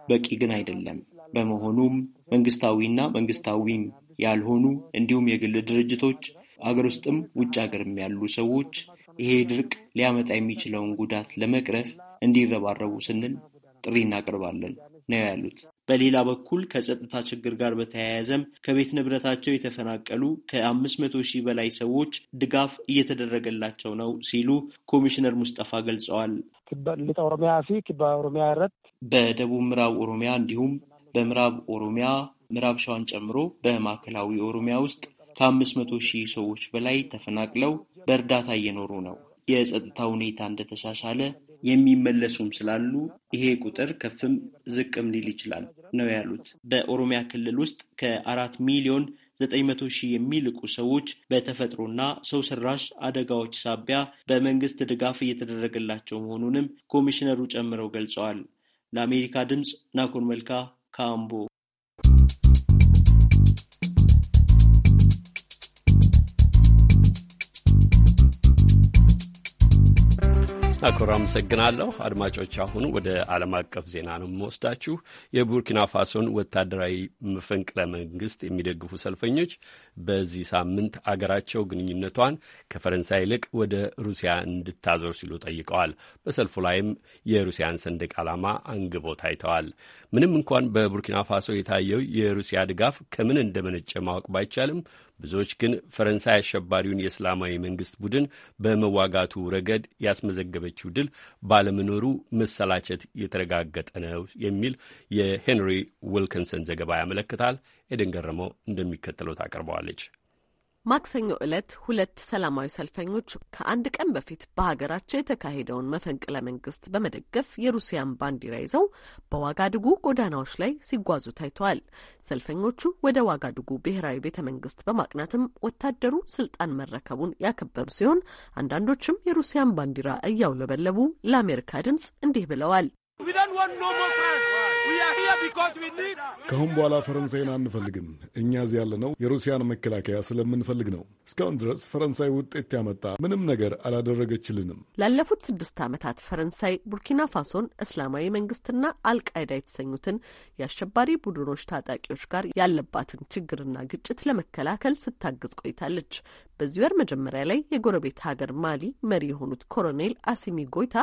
በቂ ግን አይደለም። በመሆኑም መንግስታዊና መንግስታዊም ያልሆኑ እንዲሁም የግል ድርጅቶች አገር ውስጥም ውጭ አገርም ያሉ ሰዎች ይሄ ድርቅ ሊያመጣ የሚችለውን ጉዳት ለመቅረፍ እንዲረባረቡ ስንል ጥሪ እናቀርባለን ነው ያሉት። በሌላ በኩል ከጸጥታ ችግር ጋር በተያያዘም ከቤት ንብረታቸው የተፈናቀሉ ከአምስት መቶ ሺህ በላይ ሰዎች ድጋፍ እየተደረገላቸው ነው ሲሉ ኮሚሽነር ሙስጠፋ ገልጸዋል። በደቡብ ምዕራብ ኦሮሚያ እንዲሁም በምዕራብ ኦሮሚያ ምዕራብ ሸዋን ጨምሮ በማዕከላዊ ኦሮሚያ ውስጥ ከአምስት መቶ ሺህ ሰዎች በላይ ተፈናቅለው በእርዳታ እየኖሩ ነው። የጸጥታ ሁኔታ እንደተሻሻለ የሚመለሱም ስላሉ ይሄ ቁጥር ከፍም ዝቅም ሊል ይችላል ነው ያሉት። በኦሮሚያ ክልል ውስጥ ከአራት ሚሊዮን ዘጠኝ መቶ ሺህ የሚልቁ ሰዎች በተፈጥሮና ሰው ሰራሽ አደጋዎች ሳቢያ በመንግስት ድጋፍ እየተደረገላቸው መሆኑንም ኮሚሽነሩ ጨምረው ገልጸዋል። ለአሜሪካ ድምፅ ናኮር መልካ ካምቦ አኮራ አመሰግናለሁ። አድማጮች፣ አሁን ወደ ዓለም አቀፍ ዜና ነው የምወስዳችሁ። የቡርኪና ፋሶን ወታደራዊ መፈንቅለ መንግስት የሚደግፉ ሰልፈኞች በዚህ ሳምንት አገራቸው ግንኙነቷን ከፈረንሳይ ይልቅ ወደ ሩሲያ እንድታዞር ሲሉ ጠይቀዋል። በሰልፉ ላይም የሩሲያን ሰንደቅ ዓላማ አንግቦ ታይተዋል። ምንም እንኳን በቡርኪና ፋሶ የታየው የሩሲያ ድጋፍ ከምን እንደመነጨ ማወቅ ባይቻልም ብዙዎች ግን ፈረንሳይ አሸባሪውን የእስላማዊ መንግስት ቡድን በመዋጋቱ ረገድ ያስመዘገበችው ድል ባለመኖሩ መሰላቸት የተረጋገጠ ነው የሚል የሄንሪ ዊልኪንሰን ዘገባ ያመለክታል። ኤደን ገረመው እንደሚከተለው ታቀርበዋለች። ማክሰኞ ዕለት ሁለት ሰላማዊ ሰልፈኞች ከአንድ ቀን በፊት በሀገራቸው የተካሄደውን መፈንቅለ መንግስት በመደገፍ የሩሲያን ባንዲራ ይዘው በዋጋድጉ ጎዳናዎች ላይ ሲጓዙ ታይተዋል። ሰልፈኞቹ ወደ ዋጋድጉ ብሔራዊ ቤተ መንግስት በማቅናትም ወታደሩ ስልጣን መረከቡን ያከበሩ ሲሆን አንዳንዶችም የሩሲያን ባንዲራ እያውለበለቡ ለአሜሪካ ድምጽ እንዲህ ብለዋል። ከአሁን በኋላ ፈረንሳይን አንፈልግም። እኛ እዚህ ያለነው የሩሲያን መከላከያ ስለምንፈልግ ነው። እስካሁን ድረስ ፈረንሳይ ውጤት ያመጣ ምንም ነገር አላደረገችልንም። ላለፉት ስድስት ዓመታት ፈረንሳይ ቡርኪና ፋሶን እስላማዊ መንግስትና አልቃይዳ የተሰኙትን የአሸባሪ ቡድኖች ታጣቂዎች ጋር ያለባትን ችግርና ግጭት ለመከላከል ስታግዝ ቆይታለች። በዚህ ወር መጀመሪያ ላይ የጎረቤት ሀገር ማሊ መሪ የሆኑት ኮሎኔል አሲሚ ጎይታ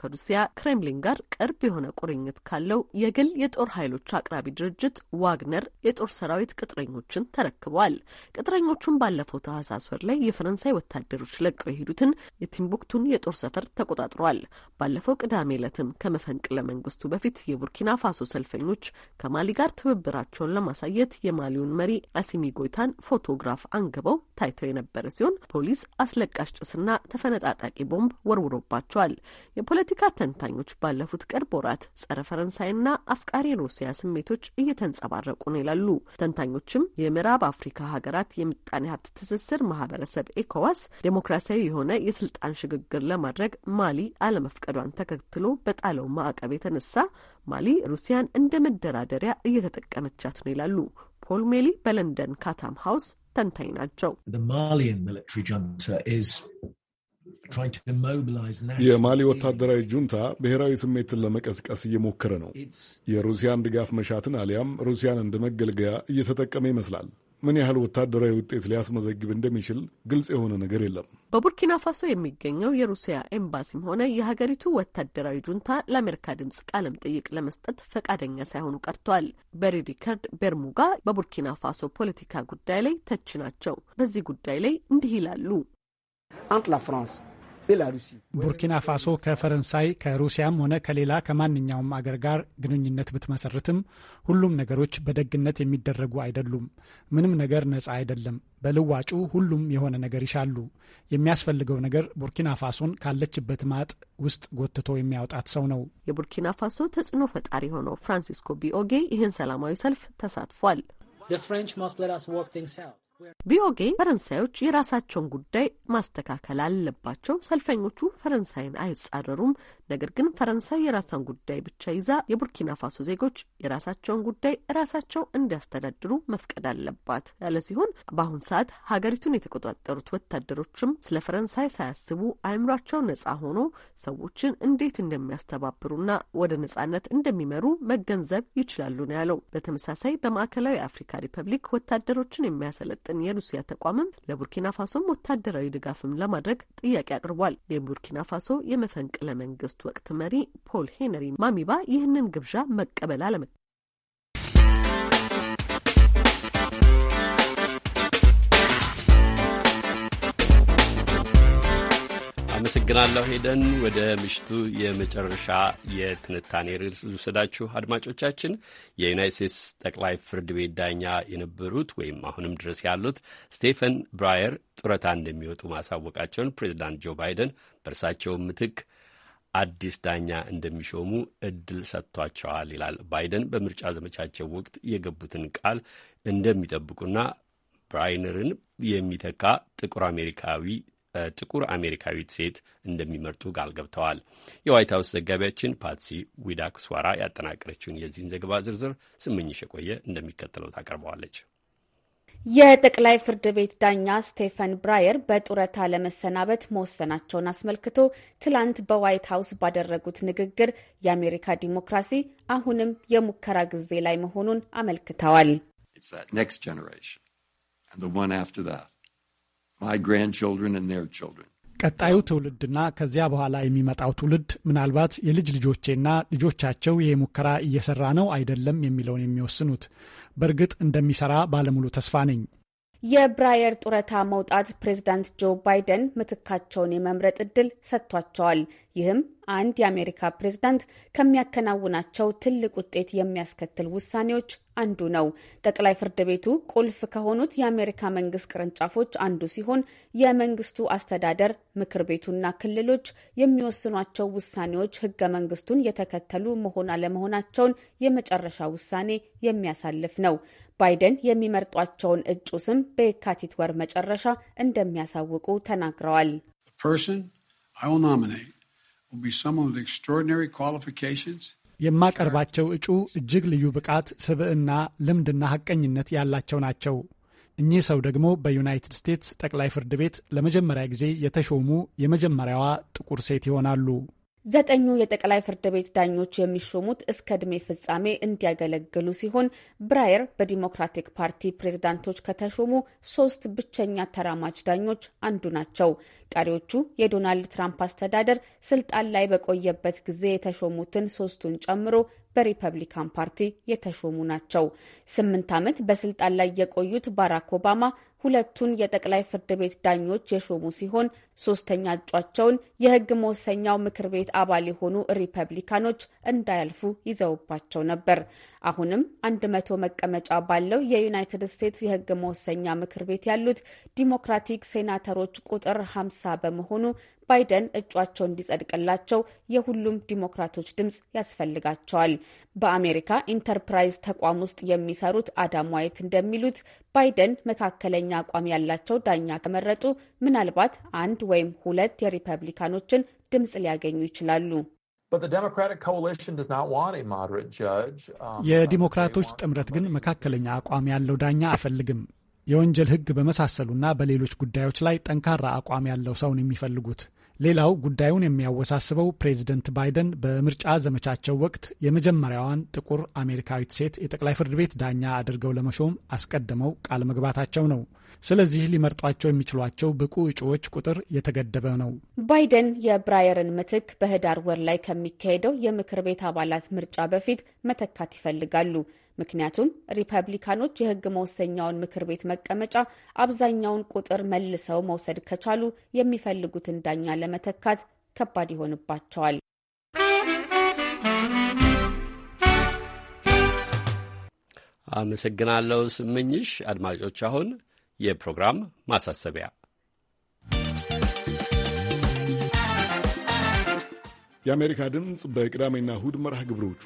ከሩሲያ ክሬምሊን ጋር ቅርብ የሆነ ቁርኝት ካለው የገ የእስራኤል የጦር ኃይሎች አቅራቢ ድርጅት ዋግነር የጦር ሰራዊት ቅጥረኞችን ተረክበዋል። ቅጥረኞቹን ባለፈው ታህሳስ ወር ላይ የፈረንሳይ ወታደሮች ለቀው የሄዱትን የቲምቡክቱን የጦር ሰፈር ተቆጣጥረዋል። ባለፈው ቅዳሜ ዕለትም ከመፈንቅለ መንግስቱ በፊት የቡርኪና ፋሶ ሰልፈኞች ከማሊ ጋር ትብብራቸውን ለማሳየት የማሊውን መሪ አሲሚ ጎይታን ፎቶግራፍ አንግበው ታይተው የነበረ ሲሆን ፖሊስ አስለቃሽ ጭስና ተፈነጣጣቂ ቦምብ ወርውሮባቸዋል። የፖለቲካ ተንታኞች ባለፉት ቅርብ ወራት ጸረ ፈረንሳይና አፍቃሪ ሩሲያ ስሜቶች እየተንጸባረቁ ነው ይላሉ ተንታኞችም። የምዕራብ አፍሪካ ሀገራት የምጣኔ ሀብት ትስስር ማህበረሰብ ኤኮዋስ ዴሞክራሲያዊ የሆነ የስልጣን ሽግግር ለማድረግ ማሊ አለመፍቀዷን ተከትሎ በጣለው ማዕቀብ የተነሳ ማሊ ሩሲያን እንደ መደራደሪያ እየተጠቀመቻት ነው ይላሉ። ፖል ሜሊ በለንደን ካታም ሀውስ ተንታኝ ናቸው። የማሊ ወታደራዊ ጁንታ ብሔራዊ ስሜትን ለመቀስቀስ እየሞከረ ነው። የሩሲያን ድጋፍ መሻትን አሊያም ሩሲያን እንደ መገልገያ እየተጠቀመ ይመስላል። ምን ያህል ወታደራዊ ውጤት ሊያስመዘግብ እንደሚችል ግልጽ የሆነ ነገር የለም። በቡርኪና ፋሶ የሚገኘው የሩሲያ ኤምባሲም ሆነ የሀገሪቱ ወታደራዊ ጁንታ ለአሜሪካ ድምጽ ቃለ መጠይቅ ለመስጠት ፈቃደኛ ሳይሆኑ ቀርተዋል። በሪ ሪከርድ ቤርሙጋ በቡርኪና ፋሶ ፖለቲካ ጉዳይ ላይ ተች ናቸው። በዚህ ጉዳይ ላይ እንዲህ ይላሉ። ቡርኪና ፋሶ ከፈረንሳይ ከሩሲያም ሆነ ከሌላ ከማንኛውም አገር ጋር ግንኙነት ብትመሰርትም ሁሉም ነገሮች በደግነት የሚደረጉ አይደሉም። ምንም ነገር ነፃ አይደለም። በልዋጩ ሁሉም የሆነ ነገር ይሻሉ። የሚያስፈልገው ነገር ቡርኪና ፋሶን ካለችበት ማጥ ውስጥ ጎትቶ የሚያወጣት ሰው ነው። የቡርኪና ፋሶ ተጽዕኖ ፈጣሪ የሆነው ፍራንሲስኮ ቢኦጌ ይህን ሰላማዊ ሰልፍ ተሳትፏል። ቢዮጌ ፈረንሳዮች የራሳቸውን ጉዳይ ማስተካከል አለባቸው፣ ሰልፈኞቹ ፈረንሳይን አይጻረሩም፣ ነገር ግን ፈረንሳይ የራሷን ጉዳይ ብቻ ይዛ የቡርኪና ፋሶ ዜጎች የራሳቸውን ጉዳይ ራሳቸው እንዲያስተዳድሩ መፍቀድ አለባት ያለ ሲሆን በአሁን ሰዓት ሀገሪቱን የተቆጣጠሩት ወታደሮችም ስለ ፈረንሳይ ሳያስቡ አይምሯቸው ነጻ ሆኖ ሰዎችን እንዴት እንደሚያስተባብሩና ወደ ነጻነት እንደሚመሩ መገንዘብ ይችላሉ ነው ያለው። በተመሳሳይ በማዕከላዊ አፍሪካ ሪፐብሊክ ወታደሮችን የሚያሰለጥን የሩሲያ ተቋምም ለቡርኪና ፋሶም ወታደራዊ ድጋፍም ለማድረግ ጥያቄ አቅርቧል። የቡርኪና ፋሶ የመፈንቅለ መንግስት ወቅት መሪ ፖል ሄነሪ ማሚባ ይህንን ግብዣ መቀበል አለመ አመሰግናለሁ ሄደን። ወደ ምሽቱ የመጨረሻ የትንታኔ ርዕስ ልውሰዳችሁ አድማጮቻችን። የዩናይት ስቴትስ ጠቅላይ ፍርድ ቤት ዳኛ የነበሩት ወይም አሁንም ድረስ ያሉት ስቴፈን ብራየር ጡረታ እንደሚወጡ ማሳወቃቸውን ፕሬዚዳንት ጆ ባይደን በእርሳቸው ምትክ አዲስ ዳኛ እንደሚሾሙ እድል ሰጥቷቸዋል ይላል። ባይደን በምርጫ ዘመቻቸው ወቅት የገቡትን ቃል እንደሚጠብቁና ብራይነርን የሚተካ ጥቁር አሜሪካዊ ጥቁር አሜሪካዊት ሴት እንደሚመርጡ ቃል ገብተዋል። የዋይት ሀውስ ዘጋቢያችን ፓትሲ ዊዳኩስዋራ ያጠናቀረችውን የዚህን ዘገባ ዝርዝር ስምኝሽ የቆየ እንደሚከተለው ታቀርበዋለች። የጠቅላይ ፍርድ ቤት ዳኛ ስቴፈን ብራየር በጡረታ ለመሰናበት መወሰናቸውን አስመልክቶ ትላንት በዋይት ሀውስ ባደረጉት ንግግር የአሜሪካ ዲሞክራሲ አሁንም የሙከራ ጊዜ ላይ መሆኑን አመልክተዋል። ቀጣዩ ትውልድና ከዚያ በኋላ የሚመጣው ትውልድ ምናልባት የልጅ ልጆቼና ልጆቻቸው ይሄ ሙከራ እየሰራ ነው አይደለም የሚለውን የሚወስኑት። በእርግጥ እንደሚሰራ ባለሙሉ ተስፋ ነኝ። የብራየር ጡረታ መውጣት ፕሬዝዳንት ጆ ባይደን ምትካቸውን የመምረጥ እድል ሰጥቷቸዋል። ይህም አንድ የአሜሪካ ፕሬዝዳንት ከሚያከናውናቸው ትልቅ ውጤት የሚያስከትል ውሳኔዎች አንዱ ነው። ጠቅላይ ፍርድ ቤቱ ቁልፍ ከሆኑት የአሜሪካ መንግስት ቅርንጫፎች አንዱ ሲሆን የመንግስቱ አስተዳደር ምክር ቤቱና ክልሎች የሚወስኗቸው ውሳኔዎች ህገ መንግስቱን የተከተሉ መሆን አለመሆናቸውን የመጨረሻ ውሳኔ የሚያሳልፍ ነው። ባይደን የሚመርጧቸውን እጩ ስም በየካቲት ወር መጨረሻ እንደሚያሳውቁ ተናግረዋል። የማቀርባቸው እጩ እጅግ ልዩ ብቃት፣ ስብዕና፣ ልምድና ሐቀኝነት ያላቸው ናቸው። እኚህ ሰው ደግሞ በዩናይትድ ስቴትስ ጠቅላይ ፍርድ ቤት ለመጀመሪያ ጊዜ የተሾሙ የመጀመሪያዋ ጥቁር ሴት ይሆናሉ። ዘጠኙ የጠቅላይ ፍርድ ቤት ዳኞች የሚሾሙት እስከ ዕድሜ ፍጻሜ እንዲያገለግሉ ሲሆን ብራየር በዲሞክራቲክ ፓርቲ ፕሬዝዳንቶች ከተሾሙ ሶስት ብቸኛ ተራማጅ ዳኞች አንዱ ናቸው። ቀሪዎቹ የዶናልድ ትራምፕ አስተዳደር ስልጣን ላይ በቆየበት ጊዜ የተሾሙትን ሶስቱን ጨምሮ በሪፐብሊካን ፓርቲ የተሾሙ ናቸው። ስምንት ዓመት በስልጣን ላይ የቆዩት ባራክ ኦባማ ሁለቱን የጠቅላይ ፍርድ ቤት ዳኞች የሾሙ ሲሆን ሶስተኛ እጯቸውን የህግ መወሰኛው ምክር ቤት አባል የሆኑ ሪፐብሊካኖች እንዳያልፉ ይዘውባቸው ነበር። አሁንም አንድ መቶ መቀመጫ ባለው የዩናይትድ ስቴትስ የህግ መወሰኛ ምክር ቤት ያሉት ዲሞክራቲክ ሴናተሮች ቁጥር ሀምሳ በመሆኑ ባይደን እጩአቸው እንዲጸድቅላቸው የሁሉም ዲሞክራቶች ድምፅ ያስፈልጋቸዋል። በአሜሪካ ኢንተርፕራይዝ ተቋም ውስጥ የሚሰሩት አዳም ዋይት እንደሚሉት ባይደን መካከለኛ አቋም ያላቸው ዳኛ ከመረጡ ምናልባት አንድ ወይም ሁለት የሪፐብሊካኖችን ድምፅ ሊያገኙ ይችላሉ። um, የዲሞክራቶች ጥምረት ግን መካከለኛ አቋም ያለው ዳኛ አይፈልግም። የወንጀል ሕግ በመሳሰሉና በሌሎች ጉዳዮች ላይ ጠንካራ አቋም ያለው ሰው ነው የሚፈልጉት። ሌላው ጉዳዩን የሚያወሳስበው ፕሬዚደንት ባይደን በምርጫ ዘመቻቸው ወቅት የመጀመሪያዋን ጥቁር አሜሪካዊት ሴት የጠቅላይ ፍርድ ቤት ዳኛ አድርገው ለመሾም አስቀድመው ቃል መግባታቸው ነው። ስለዚህ ሊመርጧቸው የሚችሏቸው ብቁ እጩዎች ቁጥር የተገደበ ነው። ባይደን የብራየርን ምትክ በህዳር ወር ላይ ከሚካሄደው የምክር ቤት አባላት ምርጫ በፊት መተካት ይፈልጋሉ። ምክንያቱም ሪፐብሊካኖች የህግ መወሰኛውን ምክር ቤት መቀመጫ አብዛኛውን ቁጥር መልሰው መውሰድ ከቻሉ የሚፈልጉትን ዳኛ ለመተካት ከባድ ይሆንባቸዋል። አመሰግናለሁ ስመኝሽ። አድማጮች፣ አሁን የፕሮግራም ማሳሰቢያ የአሜሪካ ድምፅ በቅዳሜና እሁድ መርሃ ግብሮቹ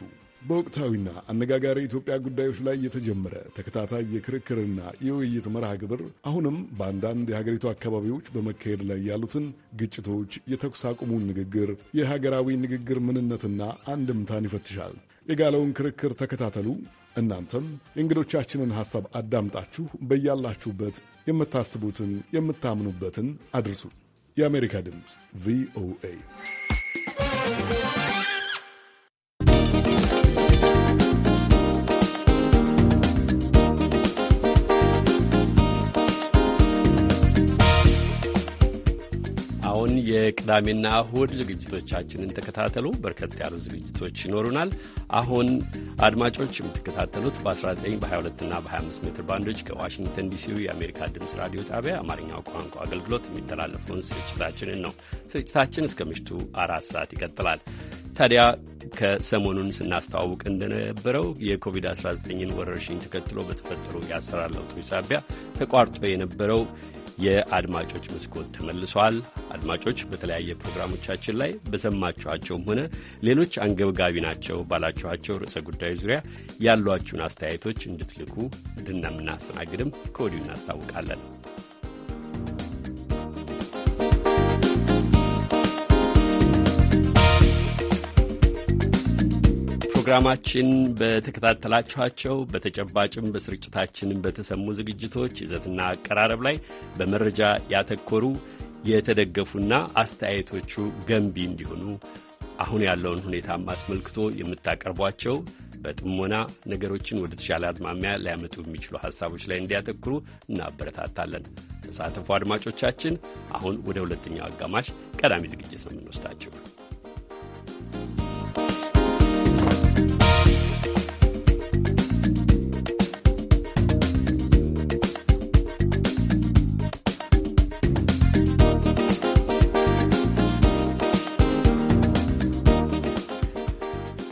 በወቅታዊና አነጋጋሪ የኢትዮጵያ ጉዳዮች ላይ የተጀመረ ተከታታይ የክርክርና የውይይት መርሃ ግብር አሁንም በአንዳንድ የሀገሪቱ አካባቢዎች በመካሄድ ላይ ያሉትን ግጭቶች፣ የተኩስ አቁሙን ንግግር፣ የሀገራዊ ንግግር ምንነትና አንድምታን ይፈትሻል። የጋለውን ክርክር ተከታተሉ። እናንተም የእንግዶቻችንን ሐሳብ አዳምጣችሁ በያላችሁበት የምታስቡትን የምታምኑበትን አድርሱ። የአሜሪካ ድምፅ ቪኦኤ የቅዳሜና እሁድ ዝግጅቶቻችንን ተከታተሉ። በርከት ያሉ ዝግጅቶች ይኖሩናል። አሁን አድማጮች የምትከታተሉት በ19 በ22ና በ25 ሜትር ባንዶች ከዋሽንግተን ዲሲው የአሜሪካ ድምፅ ራዲዮ ጣቢያ አማርኛው ቋንቋ አገልግሎት የሚተላለፈውን ስርጭታችንን ነው። ስርጭታችን እስከ ምሽቱ አራት ሰዓት ይቀጥላል። ታዲያ ከሰሞኑን ስናስተዋውቅ እንደነበረው የኮቪድ-19 ወረርሽኝ ተከትሎ በተፈጠሩ የአሰራር ለውጦች ሳቢያ ተቋርጦ የነበረው የአድማጮች መስኮት ተመልሷል። አድማጮች በተለያየ ፕሮግራሞቻችን ላይ በሰማችኋቸውም ሆነ ሌሎች አንገብጋቢ ናቸው ባላችኋቸው ርዕሰ ጉዳዮች ዙሪያ ያሏችሁን አስተያየቶች እንድትልኩ እንድናምናስተናግድም ከወዲሁ እናስታውቃለን። ፕሮግራማችን በተከታተላችኋቸው በተጨባጭም በስርጭታችንም በተሰሙ ዝግጅቶች ይዘትና አቀራረብ ላይ በመረጃ ያተኮሩ የተደገፉና አስተያየቶቹ ገንቢ እንዲሆኑ አሁን ያለውን ሁኔታም አስመልክቶ የምታቀርቧቸው በጥሞና ነገሮችን ወደ ተሻለ አዝማሚያ ሊያመጡ የሚችሉ ሀሳቦች ላይ እንዲያተኩሩ እናበረታታለን። ተሳተፉ አድማጮቻችን። አሁን ወደ ሁለተኛው አጋማሽ ቀዳሚ ዝግጅት ነው የምንወስዳቸው።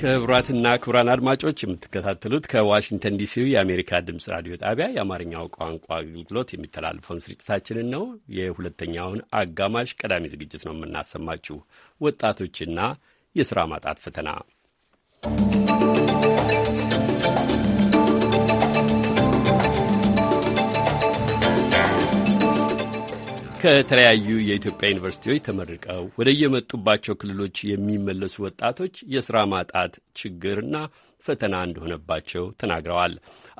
ክቡራትና ክቡራን አድማጮች የምትከታተሉት ከዋሽንግተን ዲሲ የአሜሪካ ድምፅ ራዲዮ ጣቢያ የአማርኛው ቋንቋ አገልግሎት የሚተላልፈውን ስርጭታችንን ነው። የሁለተኛውን አጋማሽ ቀዳሚ ዝግጅት ነው የምናሰማችሁ። ወጣቶችና የስራ ማጣት ፈተና ከተለያዩ የኢትዮጵያ ዩኒቨርሲቲዎች ተመርቀው ወደየመጡባቸው ክልሎች የሚመለሱ ወጣቶች የሥራ ማጣት ችግርና ፈተና እንደሆነባቸው ተናግረዋል።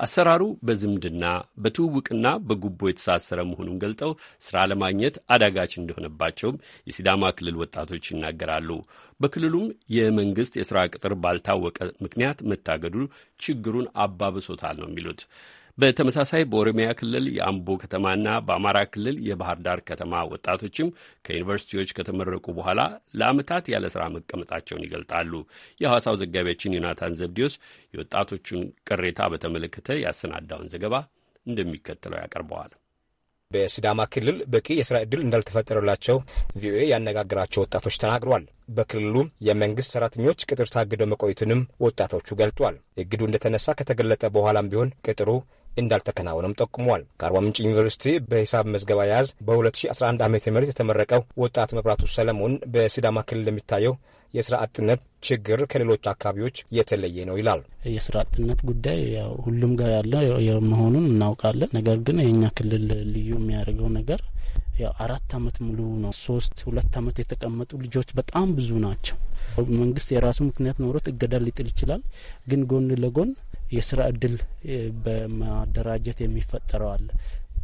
አሰራሩ በዝምድና በትውውቅና በጉቦ የተሳሰረ መሆኑን ገልጠው ሥራ ለማግኘት አዳጋች እንደሆነባቸውም የሲዳማ ክልል ወጣቶች ይናገራሉ። በክልሉም የመንግሥት የሥራ ቅጥር ባልታወቀ ምክንያት መታገዱ ችግሩን አባብሶታል ነው የሚሉት። በተመሳሳይ በኦሮሚያ ክልል የአምቦ ከተማና በአማራ ክልል የባህር ዳር ከተማ ወጣቶችም ከዩኒቨርሲቲዎች ከተመረቁ በኋላ ለአመታት ያለ ስራ መቀመጣቸውን ይገልጣሉ። የሐዋሳው ዘጋቢያችን ዮናታን ዘብዲዮስ የወጣቶቹን ቅሬታ በተመለከተ ያሰናዳውን ዘገባ እንደሚከተለው ያቀርበዋል። በሲዳማ ክልል በቂ የስራ ዕድል እንዳልተፈጠረላቸው ቪኦኤ ያነጋገራቸው ወጣቶች ተናግሯል። በክልሉ የመንግስት ሰራተኞች ቅጥር ታግደው መቆየቱንም ወጣቶቹ ገልጧል። እግዱ እንደተነሳ ከተገለጠ በኋላም ቢሆን ቅጥሩ እንዳልተከናወነም ጠቁሟል። ከአርባ ምንጭ ዩኒቨርሲቲ በሂሳብ መዝገብ አያያዝ በ2011 ዓ ም የተመረቀው ወጣት መብራቱ ሰለሞን በሲዳማ ክልል የሚታየው የስራ አጥነት ችግር ከሌሎች አካባቢዎች የተለየ ነው ይላል። የስራ አጥነት ጉዳይ ያው ሁሉም ጋር ያለ መሆኑን እናውቃለን። ነገር ግን የኛ ክልል ልዩ የሚያደርገው ነገር ያው አራት አመት ሙሉ ነው ሶስት ሁለት አመት የተቀመጡ ልጆች በጣም ብዙ ናቸው። መንግስት የራሱ ምክንያት ኖሮት እገዳ ሊጥል ይችላል። ግን ጎን ለጎን የስራ እድል በማደራጀት የሚፈጠረው አለ።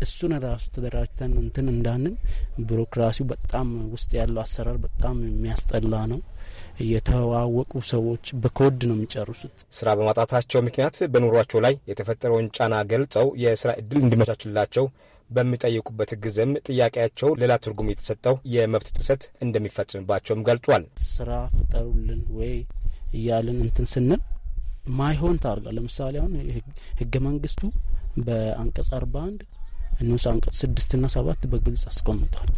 እሱን ራሱ ተደራጅተን እንትን እንዳንን ቢሮክራሲው በጣም ውስጥ ያለው አሰራር በጣም የሚያስጠላ ነው። የተዋወቁ ሰዎች በኮድ ነው የሚጨርሱት። ስራ በማጣታቸው ምክንያት በኑሯቸው ላይ የተፈጠረውን ጫና ገልጸው የስራ እድል እንዲመቻችላቸው በሚጠይቁበት ጊዜም ጥያቄያቸው ሌላ ትርጉም የተሰጠው የመብት ጥሰት እንደሚፈጽምባቸውም ገልጿል። ስራ ፍጠሩልን ወይ እያልን እንትን ስንል ማይሆን ታርጋ ለምሳሌ አሁን ህገ መንግስቱ በአንቀጽ አርባ አንድ እነሱ አንቀጽ ስድስትና ሰባት በግልጽ አስቀምጧል።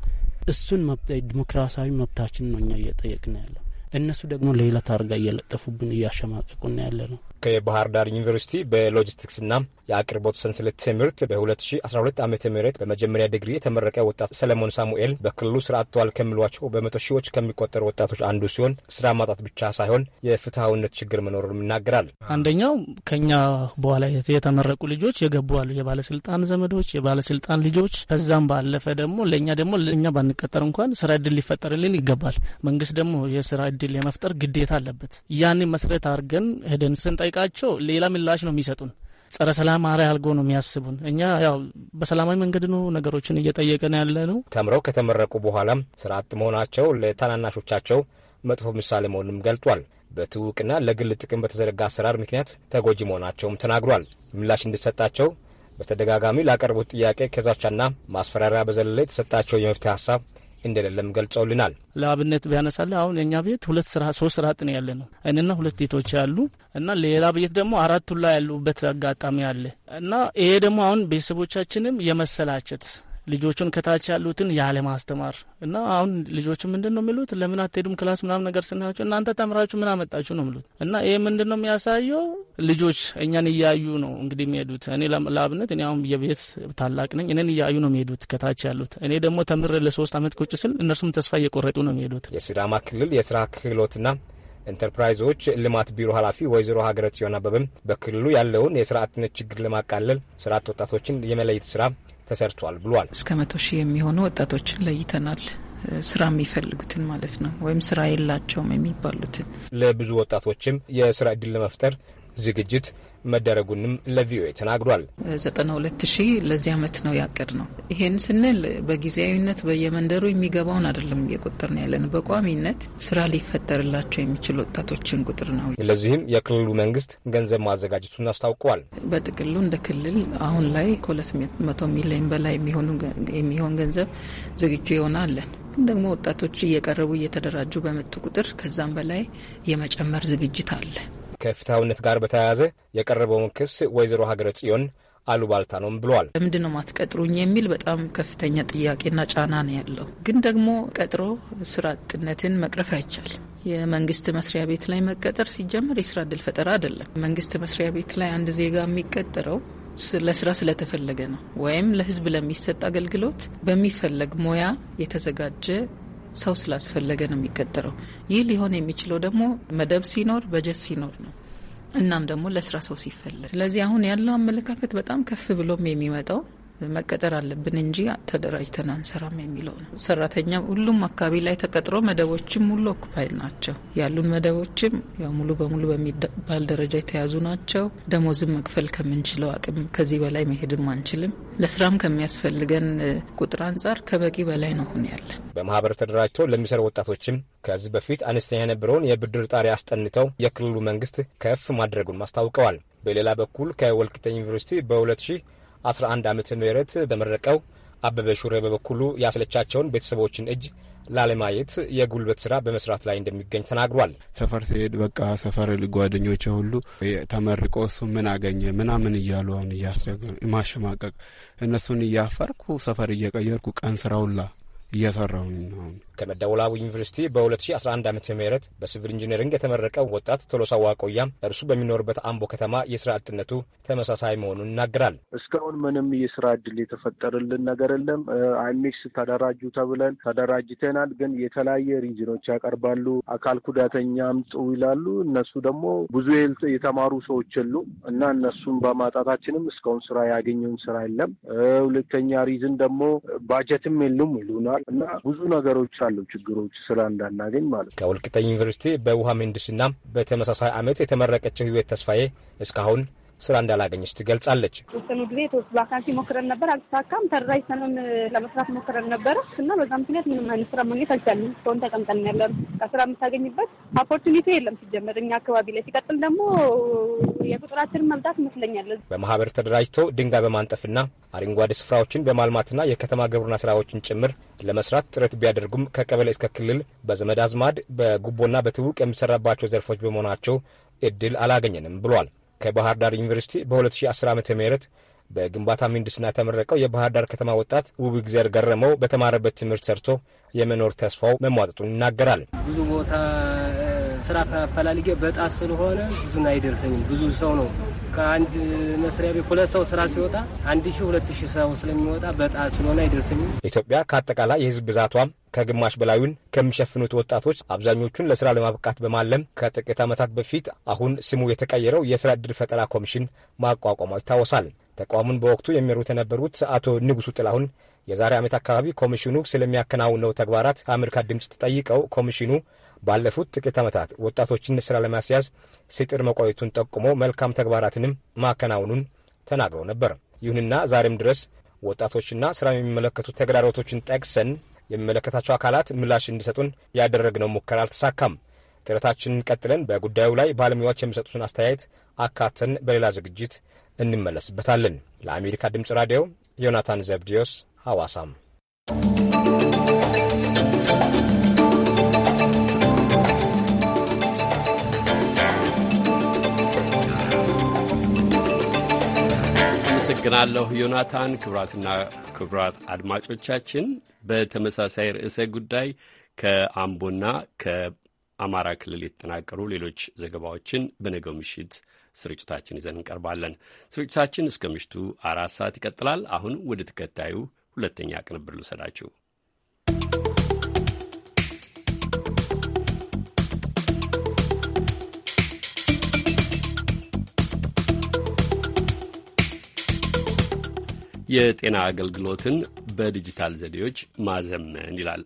እሱን ዲሞክራሲያዊ መብታችን ነው እኛ እየጠየቅን ያለው። እነሱ ደግሞ ሌላ ታርጋ እየለጠፉብን እያሸማቀቁና ያለ ነው። ከባህር ዳር ዩኒቨርሲቲ በሎጂስቲክስና የአቅርቦት ሰንሰለት ትምህርት በ2012 ዓ ም በመጀመሪያ ዲግሪ የተመረቀ ወጣት ሰለሞን ሳሙኤል በክልሉ ስራ አጥተዋል ከሚሏቸው በመቶ ሺዎች ከሚቆጠሩ ወጣቶች አንዱ ሲሆን ስራ ማጣት ብቻ ሳይሆን የፍትሐዊነት ችግር መኖሩን ይናገራል። አንደኛው ከኛ በኋላ የተመረቁ ልጆች የገቡ አሉ፣ የባለስልጣን ዘመዶች፣ የባለስልጣን ልጆች። ከዛም ባለፈ ደግሞ ለእኛ ደግሞ ለእኛ ባንቀጠር እንኳን ስራ እድል ሊፈጠርልን ይገባል። መንግስት ደግሞ የስራ እድል የመፍጠር ግዴታ አለበት። ያንን መስረት አድርገን ሄደን ስንጠ ስንጠይቃቸው ሌላ ምላሽ ነው የሚሰጡን። ጸረ ሰላም አርአያ አድርገው ነው የሚያስቡን። እኛ ያው በሰላማዊ መንገድ ነው ነገሮችን እየጠየቀን ያለ ነው። ተምረው ከተመረቁ በኋላም ስራ አጥ መሆናቸው ለታናናሾቻቸው መጥፎ ምሳሌ መሆኑንም ገልጧል። በትውቅና ለግል ጥቅም በተዘረጋ አሰራር ምክንያት ተጎጂ መሆናቸውም ተናግሯል። ምላሽ እንዲሰጣቸው በተደጋጋሚ ላቀረቡት ጥያቄ ከዛቻና ማስፈራሪያ በዘለለ የተሰጣቸው የመፍትሄ ሀሳብ እንደሌለም ገልጸውልናል። ለአብነት ቢያነሳለ አሁን የእኛ ቤት ሁለት ስራ ሶስት ስራ አጥ ነው ያለ ነው እኔና ሁለት ቤቶች ያሉ እና ሌላ ቤት ደግሞ አራቱ ላይ ያሉበት አጋጣሚ አለ እና ይሄ ደግሞ አሁን ቤተሰቦቻችንም የመሰላቸት ልጆቹን ከታች ያሉትን ያለማስተማር እና አሁን ልጆቹ ምንድን ነው የሚሉት ለምን አትሄዱም ክላስ ምናምን ነገር ስናቸው እናንተ ተምራችሁ ምን አመጣችሁ ነው የሚሉት እና ይህ ምንድን ነው የሚያሳየው ልጆች እኛን እያዩ ነው እንግዲህ የሚሄዱት እኔ ለአብነት እኔ አሁን የቤት ታላቅ ነኝ እኔን እያዩ ነው የሚሄዱት ከታች ያሉት እኔ ደግሞ ተምር ለሶስት አመት ቁጭ ስል እነርሱም ተስፋ እየቆረጡ ነው የሚሄዱት የሲዳማ ክልል የስራ ክህሎትና ኢንተርፕራይዞች ልማት ቢሮ ኃላፊ ወይዘሮ ሀገረት ሲሆን አበብም በክልሉ ያለውን የስራ ችግር ለማቃለል ስራ ወጣቶችን የመለየት ስራ ተሰርቷል ብሏል። እስከ መቶ ሺህ የሚሆኑ ወጣቶችን ለይተናል። ስራ የሚፈልጉትን ማለት ነው፣ ወይም ስራ የላቸውም የሚባሉትን። ለብዙ ወጣቶችም የስራ እድል ለመፍጠር ዝግጅት መደረጉንም ለቪኦኤ ተናግሯል። ዘጠና ሁለት ሺህ ለዚህ አመት ነው ያቀድ ነው። ይሄን ስንል በጊዜያዊነት በየመንደሩ የሚገባውን አይደለም እየቆጠር ነው ያለን፣ በቋሚነት ስራ ሊፈጠርላቸው የሚችል ወጣቶችን ቁጥር ነው። ለዚህም የክልሉ መንግስት ገንዘብ ማዘጋጀቱን አስታውቀዋል። በጥቅሉ እንደ ክልል አሁን ላይ ከሁለት መቶ ሚሊዮን በላይ የሚሆን ገንዘብ ዝግጁ የሆነ አለን ደግሞ ወጣቶች እየቀረቡ እየተደራጁ በመጡ ቁጥር ከዛም በላይ የመጨመር ዝግጅት አለ። ከፍትሐዊነት ጋር በተያያዘ የቀረበውን ክስ ወይዘሮ ሀገረ ጽዮን አሉባልታ ነውም ብለዋል። ለምንድን ነው ማትቀጥሩኝ የሚል በጣም ከፍተኛ ጥያቄና ጫና ነው ያለው። ግን ደግሞ ቀጥሮ ስራ አጥነትን መቅረፍ አይቻልም። የመንግስት መስሪያ ቤት ላይ መቀጠር ሲጀምር የስራ እድል ፈጠራ አይደለም። መንግስት መስሪያ ቤት ላይ አንድ ዜጋ የሚቀጠረው ለስራ ስለተፈለገ ነው ወይም ለህዝብ ለሚሰጥ አገልግሎት በሚፈለግ ሙያ የተዘጋጀ ሰው ስላስፈለገ ነው የሚቀጠረው። ይህ ሊሆን የሚችለው ደግሞ መደብ ሲኖር፣ በጀት ሲኖር ነው። እናም ደግሞ ለስራ ሰው ሲፈለግ። ስለዚህ አሁን ያለው አመለካከት በጣም ከፍ ብሎም የሚመጣው መቀጠር አለብን እንጂ ተደራጅተን አንሰራም የሚለው ነው። ሰራተኛ ሁሉም አካባቢ ላይ ተቀጥሮ መደቦችም ሙሉ ኦኩፓይድ ናቸው። ያሉን መደቦችም ያው ሙሉ በሙሉ በሚባል ደረጃ የተያዙ ናቸው። ደሞዝን መክፈል ከምንችለው አቅም ከዚህ በላይ መሄድም አንችልም። ለስራም ከሚያስፈልገን ቁጥር አንጻር ከበቂ በላይ ነው ሁን ያለን። በማህበር ተደራጅቶ ለሚሰሩ ወጣቶችም ከዚህ በፊት አነስተኛ የነበረውን የብድር ጣሪያ አስጠንተው የክልሉ መንግስት ከፍ ማድረጉን አስታውቀዋል። በሌላ በኩል ከወልቂጤ ዩኒቨርሲቲ በ2000 11 ዓመተ ምህረት በመረቀው አበበ ሹሬ በበኩሉ ያስለቻቸውን ቤተሰቦችን እጅ ላለማየት የጉልበት ስራ በመስራት ላይ እንደሚገኝ ተናግሯል። ሰፈር ሲሄድ በቃ ሰፈር ጓደኞቼ ሁሉ ተመርቆ እሱ ምን አገኘ ምናምን እያሉ አሁን እያስደግ ማሸማቀቅ እነሱን እያፈርኩ ሰፈር እየቀየርኩ ቀን ስራውላ ሁላ እየሰራሁኝ አሁን ከመደወላቡ ዩኒቨርሲቲ በ2011 ዓ ም በሲቪል ኢንጂነሪንግ የተመረቀው ወጣት ቶሎሳ ዋቆያ እርሱ በሚኖርበት አምቦ ከተማ የስራ አጥነቱ ተመሳሳይ መሆኑን ይናገራል። እስካሁን ምንም የስራ እድል የተፈጠረልን ነገር የለም። አይሚክስ ተደራጁ ተብለን ተደራጅተናል፣ ግን የተለያየ ሪዝኖች ያቀርባሉ። አካል ጉዳተኛም ጥው ይላሉ። እነሱ ደግሞ ብዙ የተማሩ ሰዎች የሉ እና እነሱን በማጣታችንም እስካሁን ስራ ያገኘውን ስራ የለም። ሁለተኛ ሪዝን ደግሞ ባጀትም የሉም ይሉናል እና ብዙ ነገሮች ያለው ችግሮች ስራ እንዳናገኝ ማለት ነው። ዩኒቨርሲቲ በውሃ ምህንድስና በተመሳሳይ ዓመት የተመረቀችው ህይወት ተስፋዬ እስካሁን ስራ እንዳላገኘች ትገልጻለች። የተወሰኑ ጊዜ ቫካንሲ ሞክረን ነበር፣ አልተሳካም። ተደራጅተንም ለመስራት ሞክረን ነበረ እና በዛ ምክንያት ምንም አይነት ስራ ማግኘት አልቻለም። እስካሁን ተቀምጠን ያለን ከስራ የምታገኝበት ኦፖርቹኒቲ የለም ሲጀመር እኛ አካባቢ ላይ ሲቀጥል ደግሞ የቁጥራችን መብጣት ይመስለኛል። በማህበር ተደራጅቶ ድንጋይ በማንጠፍና አረንጓዴ ስፍራዎችን በማልማትና የከተማ ግብርና ስራዎችን ጭምር ለመስራት ጥረት ቢያደርጉም ከቀበሌ እስከ ክልል በዘመድ አዝማድ በጉቦና በትውቅ የሚሰራባቸው ዘርፎች በመሆናቸው እድል አላገኘንም ብሏል። ከባህር ዳር ዩኒቨርሲቲ በ2010 ዓ ም በግንባታ ምህንድስና ተመረቀው የባህር ዳር ከተማ ወጣት ውብ ግዘር ገረመው በተማረበት ትምህርት ሰርቶ የመኖር ተስፋው መሟጠጡን ይናገራል። ብዙ ቦታ ስራ ፈላልጌ በጣት ስለሆነ ብዙን አይደርሰኝም። ብዙ ሰው ነው ከአንድ መስሪያ ቤት ሁለት ሰው ስራ ሲወጣ አንድ ሺህ ሁለት ሺህ ሰው ስለሚወጣ በጣት ስለሆነ አይደርሰኝም። ኢትዮጵያ ከአጠቃላይ የህዝብ ብዛቷም ከግማሽ በላዩን ከሚሸፍኑት ወጣቶች አብዛኞቹን ለስራ ለማብቃት በማለም ከጥቂት ዓመታት በፊት አሁን ስሙ የተቀየረው የስራ ዕድል ፈጠራ ኮሚሽን ማቋቋሟ ይታወሳል። ተቋሙን በወቅቱ የሚመሩት የነበሩት አቶ ንጉሱ ጥላሁን የዛሬ ዓመት አካባቢ ኮሚሽኑ ስለሚያከናውነው ተግባራት ከአሜሪካ ድምፅ ተጠይቀው ኮሚሽኑ ባለፉት ጥቂት ዓመታት ወጣቶችን ስራ ለማስያዝ ሲጥር መቆየቱን ጠቁሞ መልካም ተግባራትንም ማከናወኑን ተናግሮ ነበር። ይሁንና ዛሬም ድረስ ወጣቶችና ስራ የሚመለከቱ ተግዳሮቶችን ጠቅሰን የሚመለከታቸው አካላት ምላሽ እንዲሰጡን ያደረግነው ሙከራ አልተሳካም። ጥረታችንን ቀጥለን በጉዳዩ ላይ ባለሙያዎች የሚሰጡትን አስተያየት አካተን በሌላ ዝግጅት እንመለስበታለን። ለአሜሪካ ድምፅ ራዲዮ ዮናታን ዘብዲዮስ ሐዋሳም አመሰግናለሁ ዮናታን። ክብራትና ክቡራት አድማጮቻችን በተመሳሳይ ርዕሰ ጉዳይ ከአምቦና ከአማራ ክልል የተጠናቀሩ ሌሎች ዘገባዎችን በነገው ምሽት ስርጭታችን ይዘን እንቀርባለን። ስርጭታችን እስከ ምሽቱ አራት ሰዓት ይቀጥላል። አሁን ወደ ተከታዩ ሁለተኛ ቅንብር ልውሰዳችሁ። የጤና አገልግሎትን በዲጂታል ዘዴዎች ማዘመን ይላል።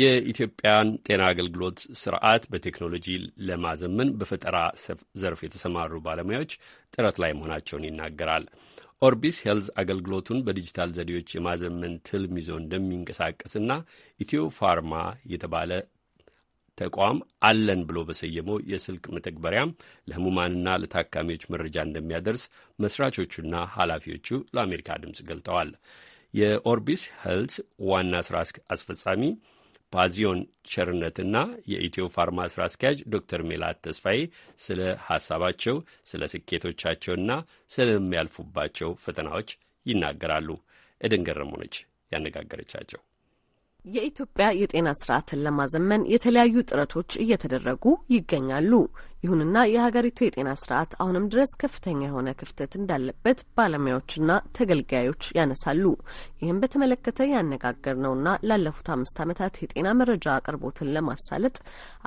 የኢትዮጵያን ጤና አገልግሎት ስርዓት በቴክኖሎጂ ለማዘመን በፈጠራ ዘርፍ የተሰማሩ ባለሙያዎች ጥረት ላይ መሆናቸውን ይናገራል። ኦርቢስ ሄልዝ አገልግሎቱን በዲጂታል ዘዴዎች የማዘመን ትልም ይዞ እንደሚንቀሳቀስና ኢትዮ ፋርማ የተባለ ተቋም አለን ብሎ በሰየመው የስልክ መተግበሪያም ለህሙማንና ለታካሚዎች መረጃ እንደሚያደርስ መስራቾቹና ኃላፊዎቹ ለአሜሪካ ድምፅ ገልጠዋል። የኦርቢስ ሄልት ዋና ስራ አስፈጻሚ ፓዚዮን ቸርነትና የኢትዮ ፋርማ ስራ አስኪያጅ ዶክተር ሜላት ተስፋዬ ስለ ሀሳባቸው፣ ስለ ስኬቶቻቸውና ስለሚያልፉባቸው ፈተናዎች ይናገራሉ። ኤደን ገረሙ ነች ያነጋገረቻቸው። የኢትዮጵያ የጤና ስርዓትን ለማዘመን የተለያዩ ጥረቶች እየተደረጉ ይገኛሉ። ይሁንና የሀገሪቱ የጤና ስርዓት አሁንም ድረስ ከፍተኛ የሆነ ክፍተት እንዳለበት ባለሙያዎችና ተገልጋዮች ያነሳሉ። ይህም በተመለከተ ያነጋገር ነውና ላለፉት አምስት ዓመታት የጤና መረጃ አቅርቦትን ለማሳለጥ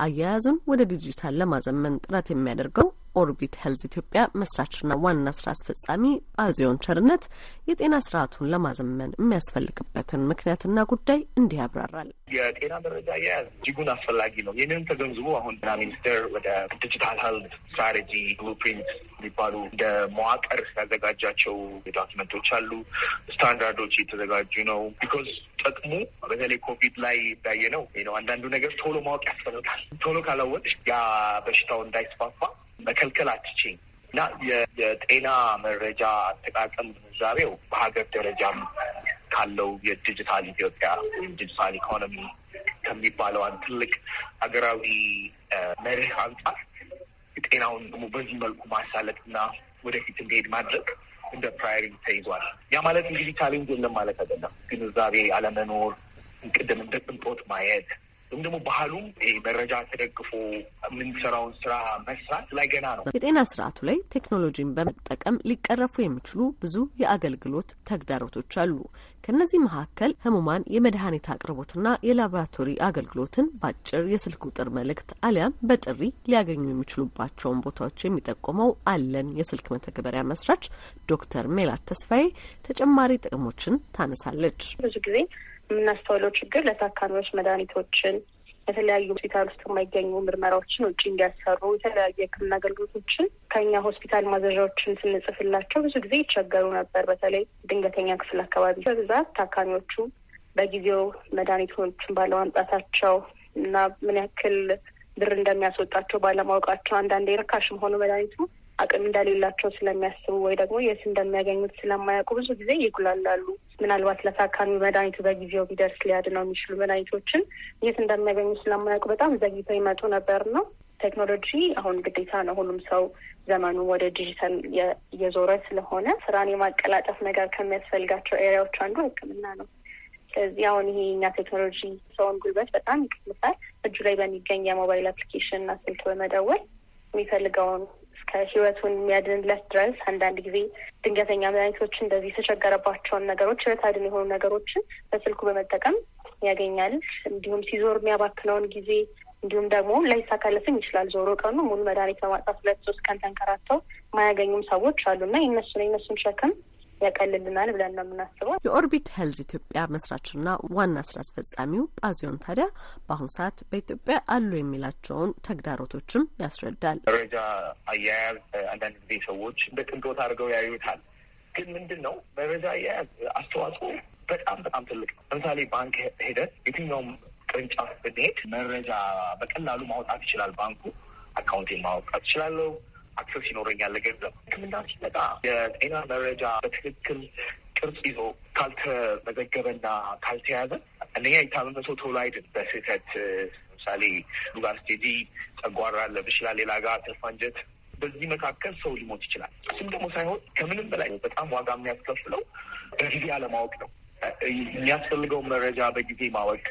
አያያዙን ወደ ዲጂታል ለማዘመን ጥረት የሚያደርገው ኦርቢት ሄልዝ ኢትዮጵያ መስራችና ዋና ስራ አስፈጻሚ አዚዮን ቸርነት የጤና ስርዓቱን ለማዘመን የሚያስፈልግበትን ምክንያትና ጉዳይ እንዲህ ያብራራል። የጤና መረጃ አያያዝ እጅጉን አስፈላጊ ነው። ይህንን ተገንዝቦ አሁን ጤና ሚኒስቴር ወደ ዲጂታል ሄልዝ ስትራቴጂ ብሉፕሪንት የሚባሉ እንደ መዋቅር ያዘጋጃቸው ዶክመንቶች አሉ። ስታንዳርዶች የተዘጋጁ ነው። ቢኮዝ ጥቅሙ በተለይ ኮቪድ ላይ እንዳየ ነው ነው አንዳንዱ ነገር ቶሎ ማወቅ ያስፈልጋል። ቶሎ ካላወቅሽ ያ በሽታው እንዳይስፋፋ መከልከል አትችኝ እና የጤና መረጃ አጠቃቀም ግንዛቤው በሀገር ደረጃም ካለው የዲጂታል ኢትዮጵያ ወይም ዲጂታል ኢኮኖሚ ከሚባለው አንድ ትልቅ ሀገራዊ መርህ አንጻር ጤናውን ደግሞ በዚህ መልኩ ማሳለጥ እና ወደፊት እንዲሄድ ማድረግ እንደ ፕራዮሪቲ ተይዟል። ያ ማለት እንግዲህ ቻሌንጅ የለም ማለት አይደለም። ግንዛቤ አለመኖር፣ ቅድም እንደ ቅንጦት ማየት ወይም ደግሞ ባህሉ መረጃ ተደግፎ የምንሰራውን ስራ መስራት ላይ ገና ነው። የጤና ስርዓቱ ላይ ቴክኖሎጂን በመጠቀም ሊቀረፉ የሚችሉ ብዙ የአገልግሎት ተግዳሮቶች አሉ። ከእነዚህ መካከል ህሙማን የመድኃኒት አቅርቦትና የላቦራቶሪ አገልግሎትን በአጭር የስልክ ቁጥር መልእክት አሊያም በጥሪ ሊያገኙ የሚችሉባቸውን ቦታዎች የሚጠቁመው አለን የስልክ መተግበሪያ መስራች ዶክተር ሜላት ተስፋዬ ተጨማሪ ጥቅሞችን ታነሳለች። ብዙ ጊዜ የምናስተውለው ችግር ለታካሚዎች መድኃኒቶችን የተለያዩ ሆስፒታል ውስጥ የማይገኙ ምርመራዎችን ውጭ እንዲያሰሩ የተለያዩ የሕክምና አገልግሎቶችን ከኛ ሆስፒታል ማዘዣዎችን ስንጽፍላቸው ብዙ ጊዜ ይቸገሩ ነበር። በተለይ ድንገተኛ ክፍል አካባቢ በብዛት ታካሚዎቹ በጊዜው መድኃኒቶችን ባለማምጣታቸው እና ምን ያክል ብር እንደሚያስወጣቸው ባለማወቃቸው አንዳንዴ ርካሽም ሆኖ መድኃኒቱ አቅም እንደሌላቸው ስለሚያስቡ ወይ ደግሞ የት እንደሚያገኙት ስለማያውቁ ብዙ ጊዜ ይጉላላሉ። ምናልባት ለታካሚ መድኃኒቱ በጊዜው ቢደርስ ሊያድነው የሚችሉ መድኃኒቶችን የት እንደሚያገኙ ስለማያውቁ በጣም ዘግይተው ይመጡ ነበር ነው። ቴክኖሎጂ አሁን ግዴታ ነው። ሁሉም ሰው ዘመኑ ወደ ዲጂታል የዞረ ስለሆነ ስራን የማቀላጠፍ ነገር ከሚያስፈልጋቸው ኤሪያዎች አንዱ ሕክምና ነው። ስለዚህ አሁን ይሄ እኛ ቴክኖሎጂ ሰውን ጉልበት በጣም ይቀንሳል። እጁ ላይ በሚገኝ የሞባይል አፕሊኬሽን እና ስልክ በመደወል የሚፈልገውን ከህይወቱን የሚያድንለት ድረስ አንዳንድ ጊዜ ድንገተኛ መድኃኒቶች እንደዚህ የተቸገረባቸውን ነገሮች ህይወት አድን የሆኑ ነገሮችን በስልኩ በመጠቀም ያገኛል። እንዲሁም ሲዞር የሚያባክነውን ጊዜ እንዲሁም ደግሞ ላይሳካለትም ይችላል። ዞሮ ቀኑ ሙሉ መድኃኒት በማጣት ሁለት ሶስት ቀን ተንከራተው ማያገኙም ሰዎች አሉና የነሱን የነሱን ሸክም ያቀልልናል ብለን ነው የምናስበው። የኦርቢት ሄልዝ ኢትዮጵያ መስራችና ዋና ስራ አስፈጻሚው ጳዚዮን ታዲያ በአሁን ሰዓት በኢትዮጵያ አሉ የሚላቸውን ተግዳሮቶችም ያስረዳል። መረጃ አያያዝ አንዳንድ ጊዜ ሰዎች እንደ ቅንጦት አድርገው ያዩታል። ግን ምንድን ነው መረጃ አያያዝ አስተዋጽኦ በጣም በጣም ትልቅ ነው። ለምሳሌ ባንክ ሄደን የትኛውም ቅርንጫፍ ብንሄድ መረጃ በቀላሉ ማውጣት ይችላል። ባንኩ አካውንቴን ማውጣት ይችላለሁ አክሰስ ይኖረኛል ለገንዘብ። ሕክምና ሲመጣ የጤና መረጃ በትክክል ቅርጽ ይዞ ካልተመዘገበና ካልተያዘ አንደኛ የታመመ ሰው ቶሎ አይድን በስህተት ለምሳሌ ሉጋር ስቴጂ ጨጓራ ለብሽላ ሌላ ጋር ተፋንጀት በዚህ መካከል ሰው ሊሞት ይችላል። እሱም ደግሞ ሳይሆን ከምንም በላይ በጣም ዋጋ የሚያስከፍለው በጊዜ አለማወቅ ነው። የሚያስፈልገው መረጃ በጊዜ ማወቅ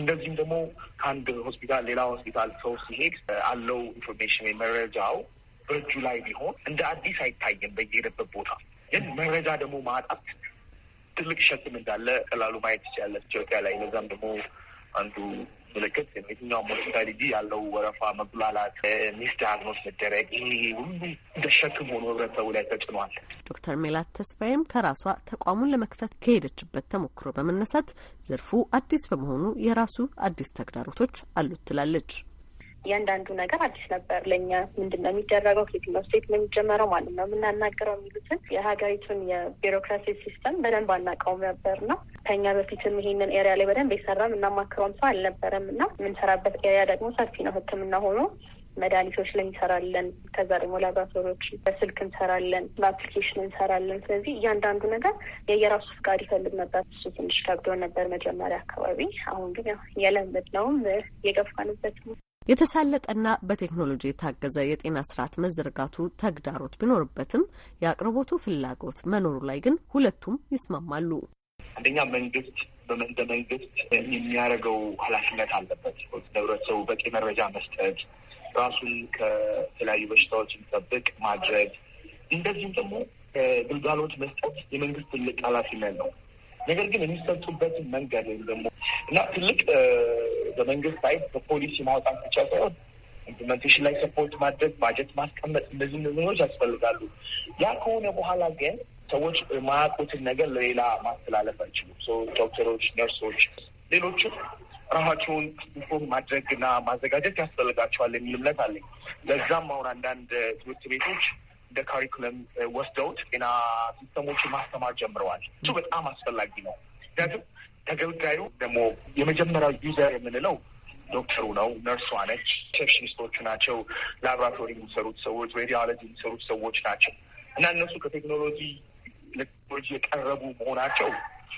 እንደዚህም ደግሞ ከአንድ ሆስፒታል ሌላ ሆስፒታል ሰው ሲሄድ አለው ኢንፎርሜሽን ወይ መረጃው በእጁ ላይ ቢሆን እንደ አዲስ አይታይም በየሄደበት ቦታ። ግን መረጃ ደግሞ ማጣት ትልቅ ሸክም እንዳለ ቀላሉ ማየት ይቻላል ኢትዮጵያ ላይ። ለዛም ደግሞ አንዱ ምልክት የትኛውም ሞስታሊጂ ያለው ወረፋ፣ መጉላላት፣ ሚስ ዳያግኖስ መደረግ ይሄ ሁሉ እንደ ሸክም ሆኖ ህብረተሰቡ ላይ ተጭኗል። ዶክተር ሜላት ተስፋዬም ከራሷ ተቋሙን ለመክፈት ከሄደችበት ተሞክሮ በመነሳት ዘርፉ አዲስ በመሆኑ የራሱ አዲስ ተግዳሮቶች አሉት ትላለች። እያንዳንዱ ነገር አዲስ ነበር ለእኛ። ምንድን ነው የሚደረገው? ከየትኛው ስቴት ነው የሚጀመረው? ማለት ነው የምናናገረው? የሚሉትን የሀገሪቱን የቢሮክራሲ ሲስተም በደንብ አናውቀውም ነበር ነው ከኛ በፊትም ይሄንን ኤሪያ ላይ በደንብ የሰራም እናማክረውም ሰው አልነበረም እና የምንሰራበት ኤሪያ ደግሞ ሰፊ ነው። ህክምና ሆኖ መድኃኒቶች ላይ እንሰራለን። ከዛ ደግሞ ላብራቶሪዎች በስልክ እንሰራለን፣ በአፕሊኬሽን እንሰራለን። ስለዚህ እያንዳንዱ ነገር የየራሱ ፍቃድ ይፈልግ ነበር። እሱ ትንሽ ከብዶ ነበር መጀመሪያ አካባቢ። አሁን ግን ያው እየለመድነውም የገፋንበት ነው። የተሳለጠና በቴክኖሎጂ የታገዘ የጤና ስርዓት መዘርጋቱ ተግዳሮት ቢኖርበትም የአቅርቦቱ ፍላጎት መኖሩ ላይ ግን ሁለቱም ይስማማሉ። አንደኛ መንግስት በመንደ መንግስት የሚያደርገው ኃላፊነት አለበት። ለህብረተሰቡ በቂ መረጃ መስጠት፣ ራሱን ከተለያዩ በሽታዎች እንዲጠብቅ ማድረግ፣ እንደዚሁም ደግሞ ግልጋሎት መስጠት የመንግስት ትልቅ ኃላፊነት ነው። ነገር ግን የሚሰጡበት መንገድ ወይም ደግሞ እና ትልቅ በመንግስት ሳይት በፖሊሲ ማውጣት ብቻ ሳይሆን ኢምፕሊመንቴሽን ላይ ሰፖርት ማድረግ፣ ባጀት ማስቀመጥ፣ እነዚህ ነገሮች ያስፈልጋሉ። ያ ከሆነ በኋላ ግን ሰዎች ማያውቁትን ነገር ለሌላ ማስተላለፍ አይችሉም። ዶክተሮች፣ ነርሶች፣ ሌሎችም ራሳቸውን ኢንፎርም ማድረግና ማዘጋጀት ያስፈልጋቸዋል የሚል እምነት አለኝ። ለዛም አሁን አንዳንድ ትምህርት ቤቶች እንደ ካሪኩለም ወስደውት ጤና ሲስተሞችን ማስተማር ጀምረዋል። እሱ በጣም አስፈላጊ ነው። ምክንያቱም ተገልጋዩ ደግሞ የመጀመሪያው ዩዘር የምንለው ዶክተሩ ነው፣ ነርሷ ነች፣ ሴፕሽኒስቶቹ ናቸው፣ ላብራቶሪ የሚሰሩት ሰዎች፣ ሬዲዮሎጂ የሚሰሩት ሰዎች ናቸው እና እነሱ ከቴክኖሎጂ ቴክኖሎጂ የቀረቡ መሆናቸው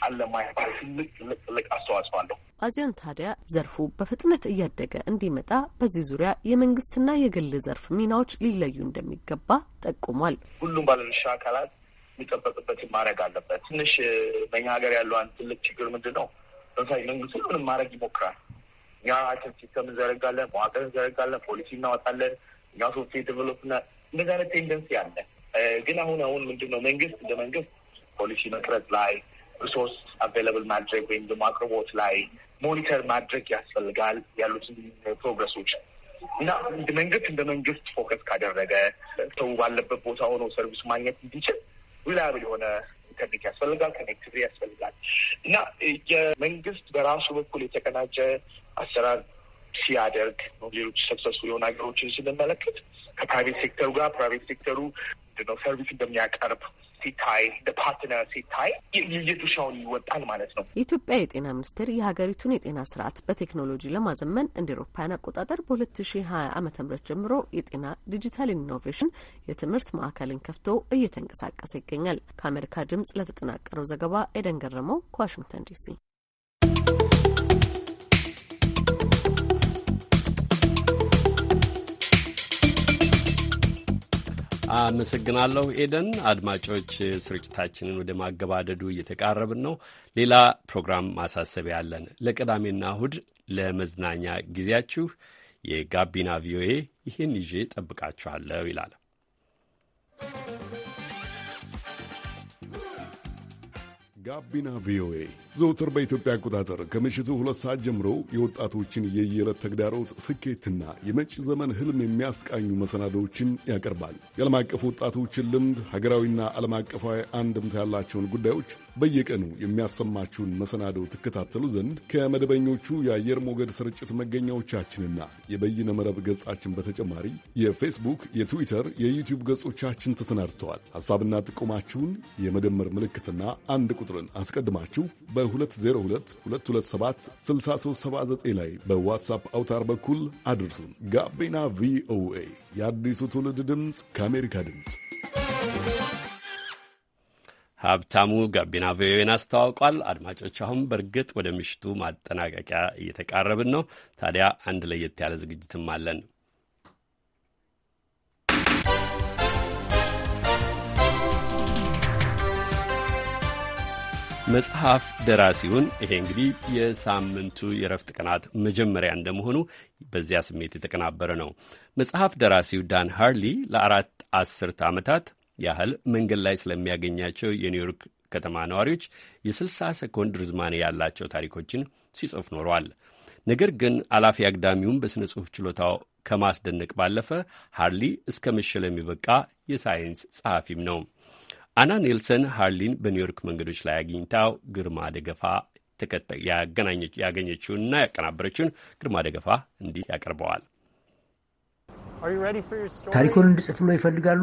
አለ ማይባል ትልቅ ትልቅ ትልቅ አስተዋጽኦ አለው። አዚያን ታዲያ ዘርፉ በፍጥነት እያደገ እንዲመጣ በዚህ ዙሪያ የመንግስትና የግል ዘርፍ ሚናዎች ሊለዩ እንደሚገባ ጠቁሟል። ሁሉም ባለድርሻ አካላት የሚጠበቅበት ማድረግ አለበት። ትንሽ በኛ ሀገር ያለው አንድ ትልቅ ችግር ምንድን ነው? ለምሳሌ መንግስት ሁሉንም ማድረግ ይሞክራል። እኛ አክን ሲስተም እንዘረጋለን፣ መዋቅር እንዘረጋለን፣ ፖሊሲ እናወጣለን፣ እኛ ሶፍትዌር ዴቨሎፕና እንደዚህ አይነት ቴንደንሲ አለ። ግን አሁን አሁን ምንድን ነው መንግስት እንደ መንግስት ፖሊሲ መቅረጽ ላይ ሪሶርስ አቬለብል ማድረግ ወይም ደግሞ አቅርቦት ላይ ሞኒተር ማድረግ ያስፈልጋል ያሉትን ፕሮግረሶች እና መንግስት እንደ መንግስት ፎከስ ካደረገ ሰው ባለበት ቦታ ሆኖ ሰርቪስ ማግኘት እንዲችል ሪላያብል የሆነ ኢንተርኔት ያስፈልጋል፣ ኮኔክቲቪቲ ያስፈልጋል እና የመንግስት በራሱ በኩል የተቀናጀ አሰራር ሲያደርግ ነው ሌሎች ሰክሰሱ የሆኑ ሀገሮችን ስንመለከት ከፕራይቬት ሴክተሩ ጋር ፕራይቬት ሴክተሩ ነው ሰርቪስ እንደሚያቀርብ ሲታይ ፓርትነር ሲታይ የድርሻውን ይወጣል ማለት ነው። የኢትዮጵያ የጤና ሚኒስቴር የሀገሪቱን የጤና ስርዓት በቴክኖሎጂ ለማዘመን እንደ ኤሮፓያን አቆጣጠር በሁለት ሺ ሀያ አመተ ምህረት ጀምሮ የጤና ዲጂታል ኢኖቬሽን የትምህርት ማዕከልን ከፍቶ እየተንቀሳቀሰ ይገኛል። ከአሜሪካ ድምጽ ለተጠናቀረው ዘገባ ኤደን ገረመው ከዋሽንግተን ዲሲ አመሰግናለሁ ኤደን። አድማጮች ስርጭታችንን ወደ ማገባደዱ እየተቃረብን ነው። ሌላ ፕሮግራም ማሳሰቢያ ያለን ለቅዳሜና እሁድ ለመዝናኛ ጊዜያችሁ የጋቢና ቪኦኤ ይህን ይዤ ጠብቃችኋለሁ ይላል። ጋቢና ቪኦኤ ዘውትር በኢትዮጵያ አቆጣጠር ከምሽቱ ሁለት ሰዓት ጀምሮ የወጣቶችን የየዕለት ተግዳሮት ስኬትና የመጪ ዘመን ህልም የሚያስቃኙ መሰናዶዎችን ያቀርባል። የዓለም አቀፍ ወጣቶችን ልምድ፣ ሀገራዊና ዓለም አቀፋዊ አንድምታ ያላቸውን ጉዳዮች በየቀኑ የሚያሰማችሁን መሰናዶው ትከታተሉ ዘንድ ከመደበኞቹ የአየር ሞገድ ስርጭት መገኛዎቻችንና የበይነ መረብ ገጻችን በተጨማሪ የፌስቡክ፣ የትዊተር፣ የዩቲዩብ ገጾቻችን ተሰናድተዋል። ሐሳብና ጥቆማችሁን የመደመር ምልክትና አንድ ቁጥርን አስቀድማችሁ በ202227 6379 ላይ በዋትሳፕ አውታር በኩል አድርሱን። ጋቢና ቪኦኤ የአዲሱ ትውልድ ድምፅ ከአሜሪካ ድምፅ ሀብታሙ ጋቢና ቪኦኤን አስተዋውቋል። አድማጮች አሁን በእርግጥ ወደ ምሽቱ ማጠናቀቂያ እየተቃረብን ነው። ታዲያ አንድ ለየት ያለ ዝግጅትም አለን። መጽሐፍ ደራሲውን ይሄ እንግዲህ የሳምንቱ የእረፍት ቀናት መጀመሪያ እንደመሆኑ በዚያ ስሜት የተቀናበረ ነው። መጽሐፍ ደራሲው ዳን ሃርሊ ለአራት አስርት ዓመታት ያህል መንገድ ላይ ስለሚያገኛቸው የኒውዮርክ ከተማ ነዋሪዎች የ60 ሰኮንድ ርዝማኔ ያላቸው ታሪኮችን ሲጽፍ ኖሯል። ነገር ግን አላፊ አግዳሚውን በሥነ ጽሑፍ ችሎታው ከማስደነቅ ባለፈ ሃርሊ እስከ መሸል የሚበቃ የሳይንስ ጸሐፊም ነው። አና ኔልሰን ሃርሊን በኒውዮርክ መንገዶች ላይ አግኝታው ግርማ ደገፋ ያገኘችውንና ያቀናበረችውን ግርማ ደገፋ እንዲህ ያቀርበዋል። ታሪኮን እንድጽፍሎ ይፈልጋሉ?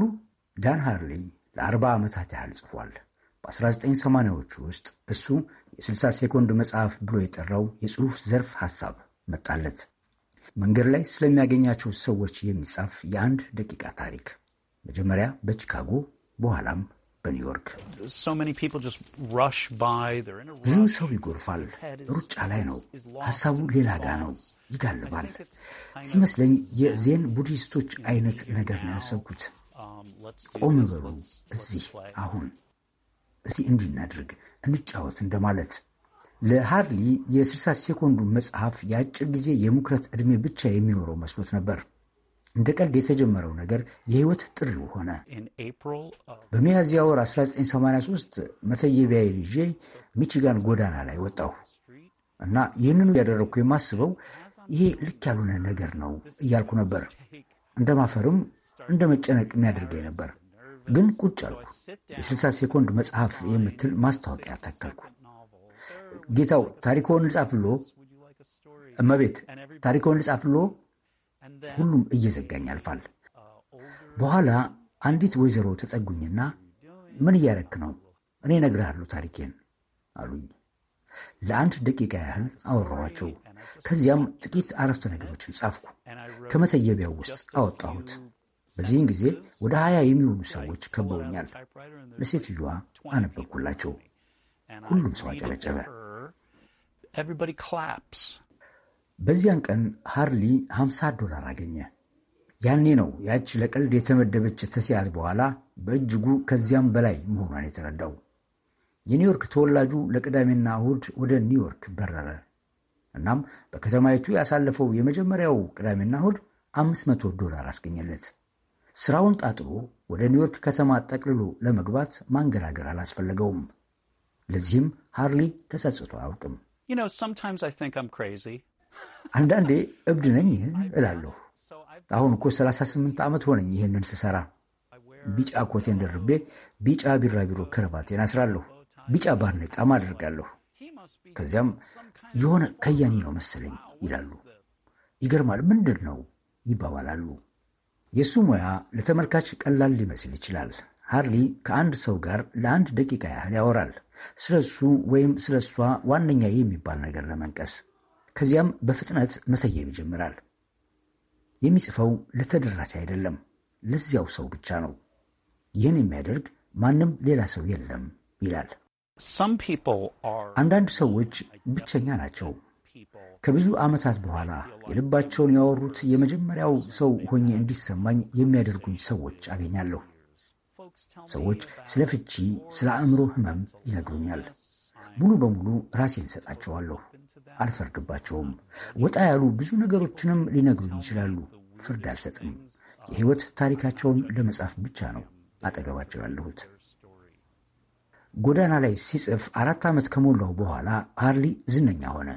ዳን ሃርሊ ለ40 ዓመታት ያህል ጽፏል። በ1980ዎቹ ውስጥ እሱ የ60 ሴኮንድ መጽሐፍ ብሎ የጠራው የጽሑፍ ዘርፍ ሐሳብ መጣለት። መንገድ ላይ ስለሚያገኛቸው ሰዎች የሚጻፍ የአንድ ደቂቃ ታሪክ መጀመሪያ በቺካጎ በኋላም በኒውዮርክ ብዙ ሰው ይጎርፋል። ሩጫ ላይ ነው። ሐሳቡ ሌላ ጋ ነው። ይጋልባል። ሲመስለኝ የዜን ቡዲስቶች አይነት ነገር ነው ያሰብኩት። ቆም um, በሉ፣ እዚህ አሁን፣ እስቲ እንዲህ እናድርግ፣ እንጫወት እንደማለት። ለሃርሊ የ60 ሴኮንዱ መጽሐፍ የአጭር ጊዜ የሙክረት ዕድሜ ብቻ የሚኖረው መስሎት ነበር። እንደ ቀልድ የተጀመረው ነገር የህይወት ጥሪው ሆነ። በሚያዝያ ወር 1983 መተየቢያዬ ይዤ ሚቺጋን ጎዳና ላይ ወጣሁ እና ይህንኑ ያደረግኩ የማስበው ይሄ ልክ ያልሆነ ነገር ነው እያልኩ ነበር። እንደማፈርም እንደ መጨነቅ የሚያደርገኝ ነበር። ግን ቁጭ አልኩ። የ60 ሴኮንድ መጽሐፍ የምትል ማስታወቂያ ተከልኩ። ጌታው ታሪኮን ልጻፍሎ፣ እመቤት ታሪኮን ልጻፍሎ። ሁሉም እየዘጋኝ ያልፋል። በኋላ አንዲት ወይዘሮ ተጸጉኝና ምን እያረክ ነው? እኔ እነግርሃለሁ ታሪኬን አሉኝ። ለአንድ ደቂቃ ያህል አወራኋቸው። ከዚያም ጥቂት አረፍተ ነገሮችን ጻፍኩ። ከመተየቢያው ውስጥ አወጣሁት። በዚህን ጊዜ ወደ ሀያ የሚሆኑ ሰዎች ከበውኛል። ለሴትዮዋ አነበብኩላቸው። ሁሉም ሰው አጨበጨበ። በዚያን ቀን ሃርሊ 50 ዶላር አገኘ። ያኔ ነው ያች ለቀልድ የተመደበች ተስያዝ በኋላ በእጅጉ ከዚያም በላይ መሆኗን የተረዳው። የኒውዮርክ ተወላጁ ለቅዳሜና እሁድ ወደ ኒውዮርክ በረረ። እናም በከተማይቱ ያሳለፈው የመጀመሪያው ቅዳሜና እሁድ 500 ዶላር አስገኘለት። ስራውን ጣጥሎ ወደ ኒውዮርክ ከተማ ጠቅልሎ ለመግባት ማንገራገር አላስፈለገውም። ለዚህም ሃርሊ ተጸጽቶ አያውቅም። አንዳንዴ እብድ ነኝ እላለሁ። አሁን እኮ 38 ዓመት ሆነኝ ይህንን ስሰራ። ቢጫ ኮቴን ደርቤ፣ ቢጫ ቢራቢሮ ከረባቴን አስራለሁ፣ ቢጫ ባርኔጣም አደርጋለሁ። ከዚያም የሆነ ከያኒ ነው መሰለኝ ይላሉ። ይገርማል፣ ምንድን ነው ይባባላሉ። የእሱ ሙያ ለተመልካች ቀላል ሊመስል ይችላል። ሃርሊ ከአንድ ሰው ጋር ለአንድ ደቂቃ ያህል ያወራል፣ ስለ እሱ ወይም ስለ እሷ ዋነኛ የሚባል ነገር ለመንቀስ። ከዚያም በፍጥነት መተየብ ይጀምራል። የሚጽፈው ለተደራሲ አይደለም፣ ለዚያው ሰው ብቻ ነው። ይህን የሚያደርግ ማንም ሌላ ሰው የለም ይላል። አንዳንድ ሰዎች ብቸኛ ናቸው። ከብዙ ዓመታት በኋላ የልባቸውን ያወሩት የመጀመሪያው ሰው ሆኜ እንዲሰማኝ የሚያደርጉኝ ሰዎች አገኛለሁ። ሰዎች ስለ ፍቺ፣ ስለ አእምሮ ህመም ይነግሩኛል። ሙሉ በሙሉ ራሴን ሰጣቸዋለሁ። አልፈርድባቸውም። ወጣ ያሉ ብዙ ነገሮችንም ሊነግሩኝ ይችላሉ። ፍርድ አልሰጥም። የሕይወት ታሪካቸውን ለመጻፍ ብቻ ነው አጠገባቸው ያለሁት። ጎዳና ላይ ሲጽፍ አራት ዓመት ከሞላው በኋላ ሃርሊ ዝነኛ ሆነ።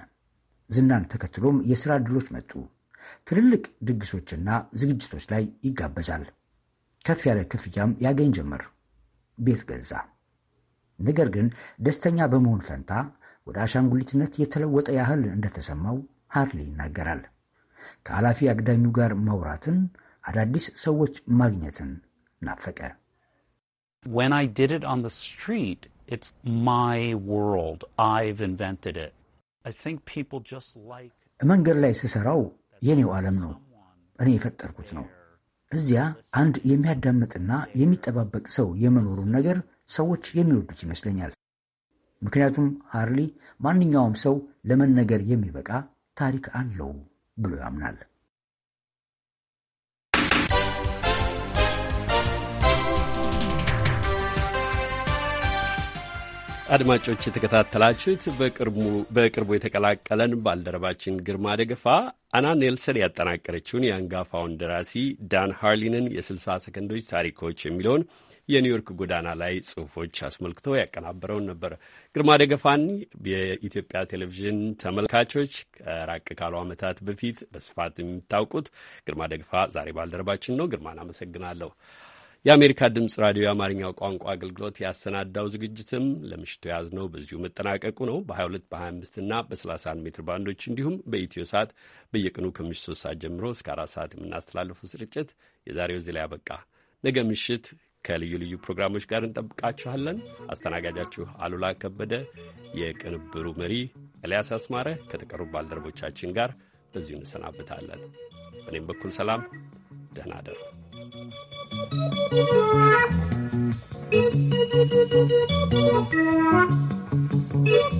ዝናን ተከትሎም የሥራ ዕድሎች መጡ። ትልልቅ ድግሶችና ዝግጅቶች ላይ ይጋበዛል። ከፍ ያለ ክፍያም ያገኝ ጀመር። ቤት ገዛ። ነገር ግን ደስተኛ በመሆን ፈንታ ወደ አሻንጉሊትነት የተለወጠ ያህል እንደተሰማው ሃርሊ ይናገራል። ከኃላፊ አግዳሚው ጋር ማውራትን፣ አዳዲስ ሰዎች ማግኘትን ናፈቀ። When I did it on the street, it's my world. I've invented it. መንገድ ላይ ስሰራው የኔው ዓለም ነው፣ እኔ የፈጠርኩት ነው። እዚያ አንድ የሚያዳምጥና የሚጠባበቅ ሰው የመኖሩን ነገር ሰዎች የሚወዱት ይመስለኛል። ምክንያቱም ሃርሊ ማንኛውም ሰው ለመነገር የሚበቃ ታሪክ አለው ብሎ ያምናል። አድማጮች የተከታተላችሁት በቅርቡ የተቀላቀለን ባልደረባችን ግርማ ደገፋ አና ኔልሰን ያጠናቀረችውን የአንጋፋውን ደራሲ ዳን ሃርሊንን የ60 ሰከንዶች ታሪኮች የሚለውን የኒውዮርክ ጎዳና ላይ ጽሁፎች አስመልክቶ ያቀናበረውን ነበር። ግርማ ደገፋን የኢትዮጵያ ቴሌቪዥን ተመልካቾች ከራቅ ካሉ ዓመታት በፊት በስፋት የሚታውቁት ግርማ ደገፋ ዛሬ ባልደረባችን ነው። ግርማን አመሰግናለሁ። የአሜሪካ ድምፅ ራዲዮ የአማርኛው ቋንቋ አገልግሎት ያሰናዳው ዝግጅትም ለምሽቱ የያዝነው በዚሁ መጠናቀቁ ነው። በ22 በ25 እና በ31 ሜትር ባንዶች እንዲሁም በኢትዮ ሰዓት በየቀኑ ከምሽቱ 3 ሰዓት ጀምሮ እስከ 4 ሰዓት የምናስተላልፈው ስርጭት የዛሬው እዚህ ላይ ያበቃ። ነገ ምሽት ከልዩ ልዩ ፕሮግራሞች ጋር እንጠብቃችኋለን። አስተናጋጃችሁ አሉላ ከበደ፣ የቅንብሩ መሪ ኤልያስ አስማረ ከተቀሩ ባልደረቦቻችን ጋር በዚሁ እንሰናብታለን። በእኔም በኩል ሰላም፣ ደህና አደሩ። Thank you.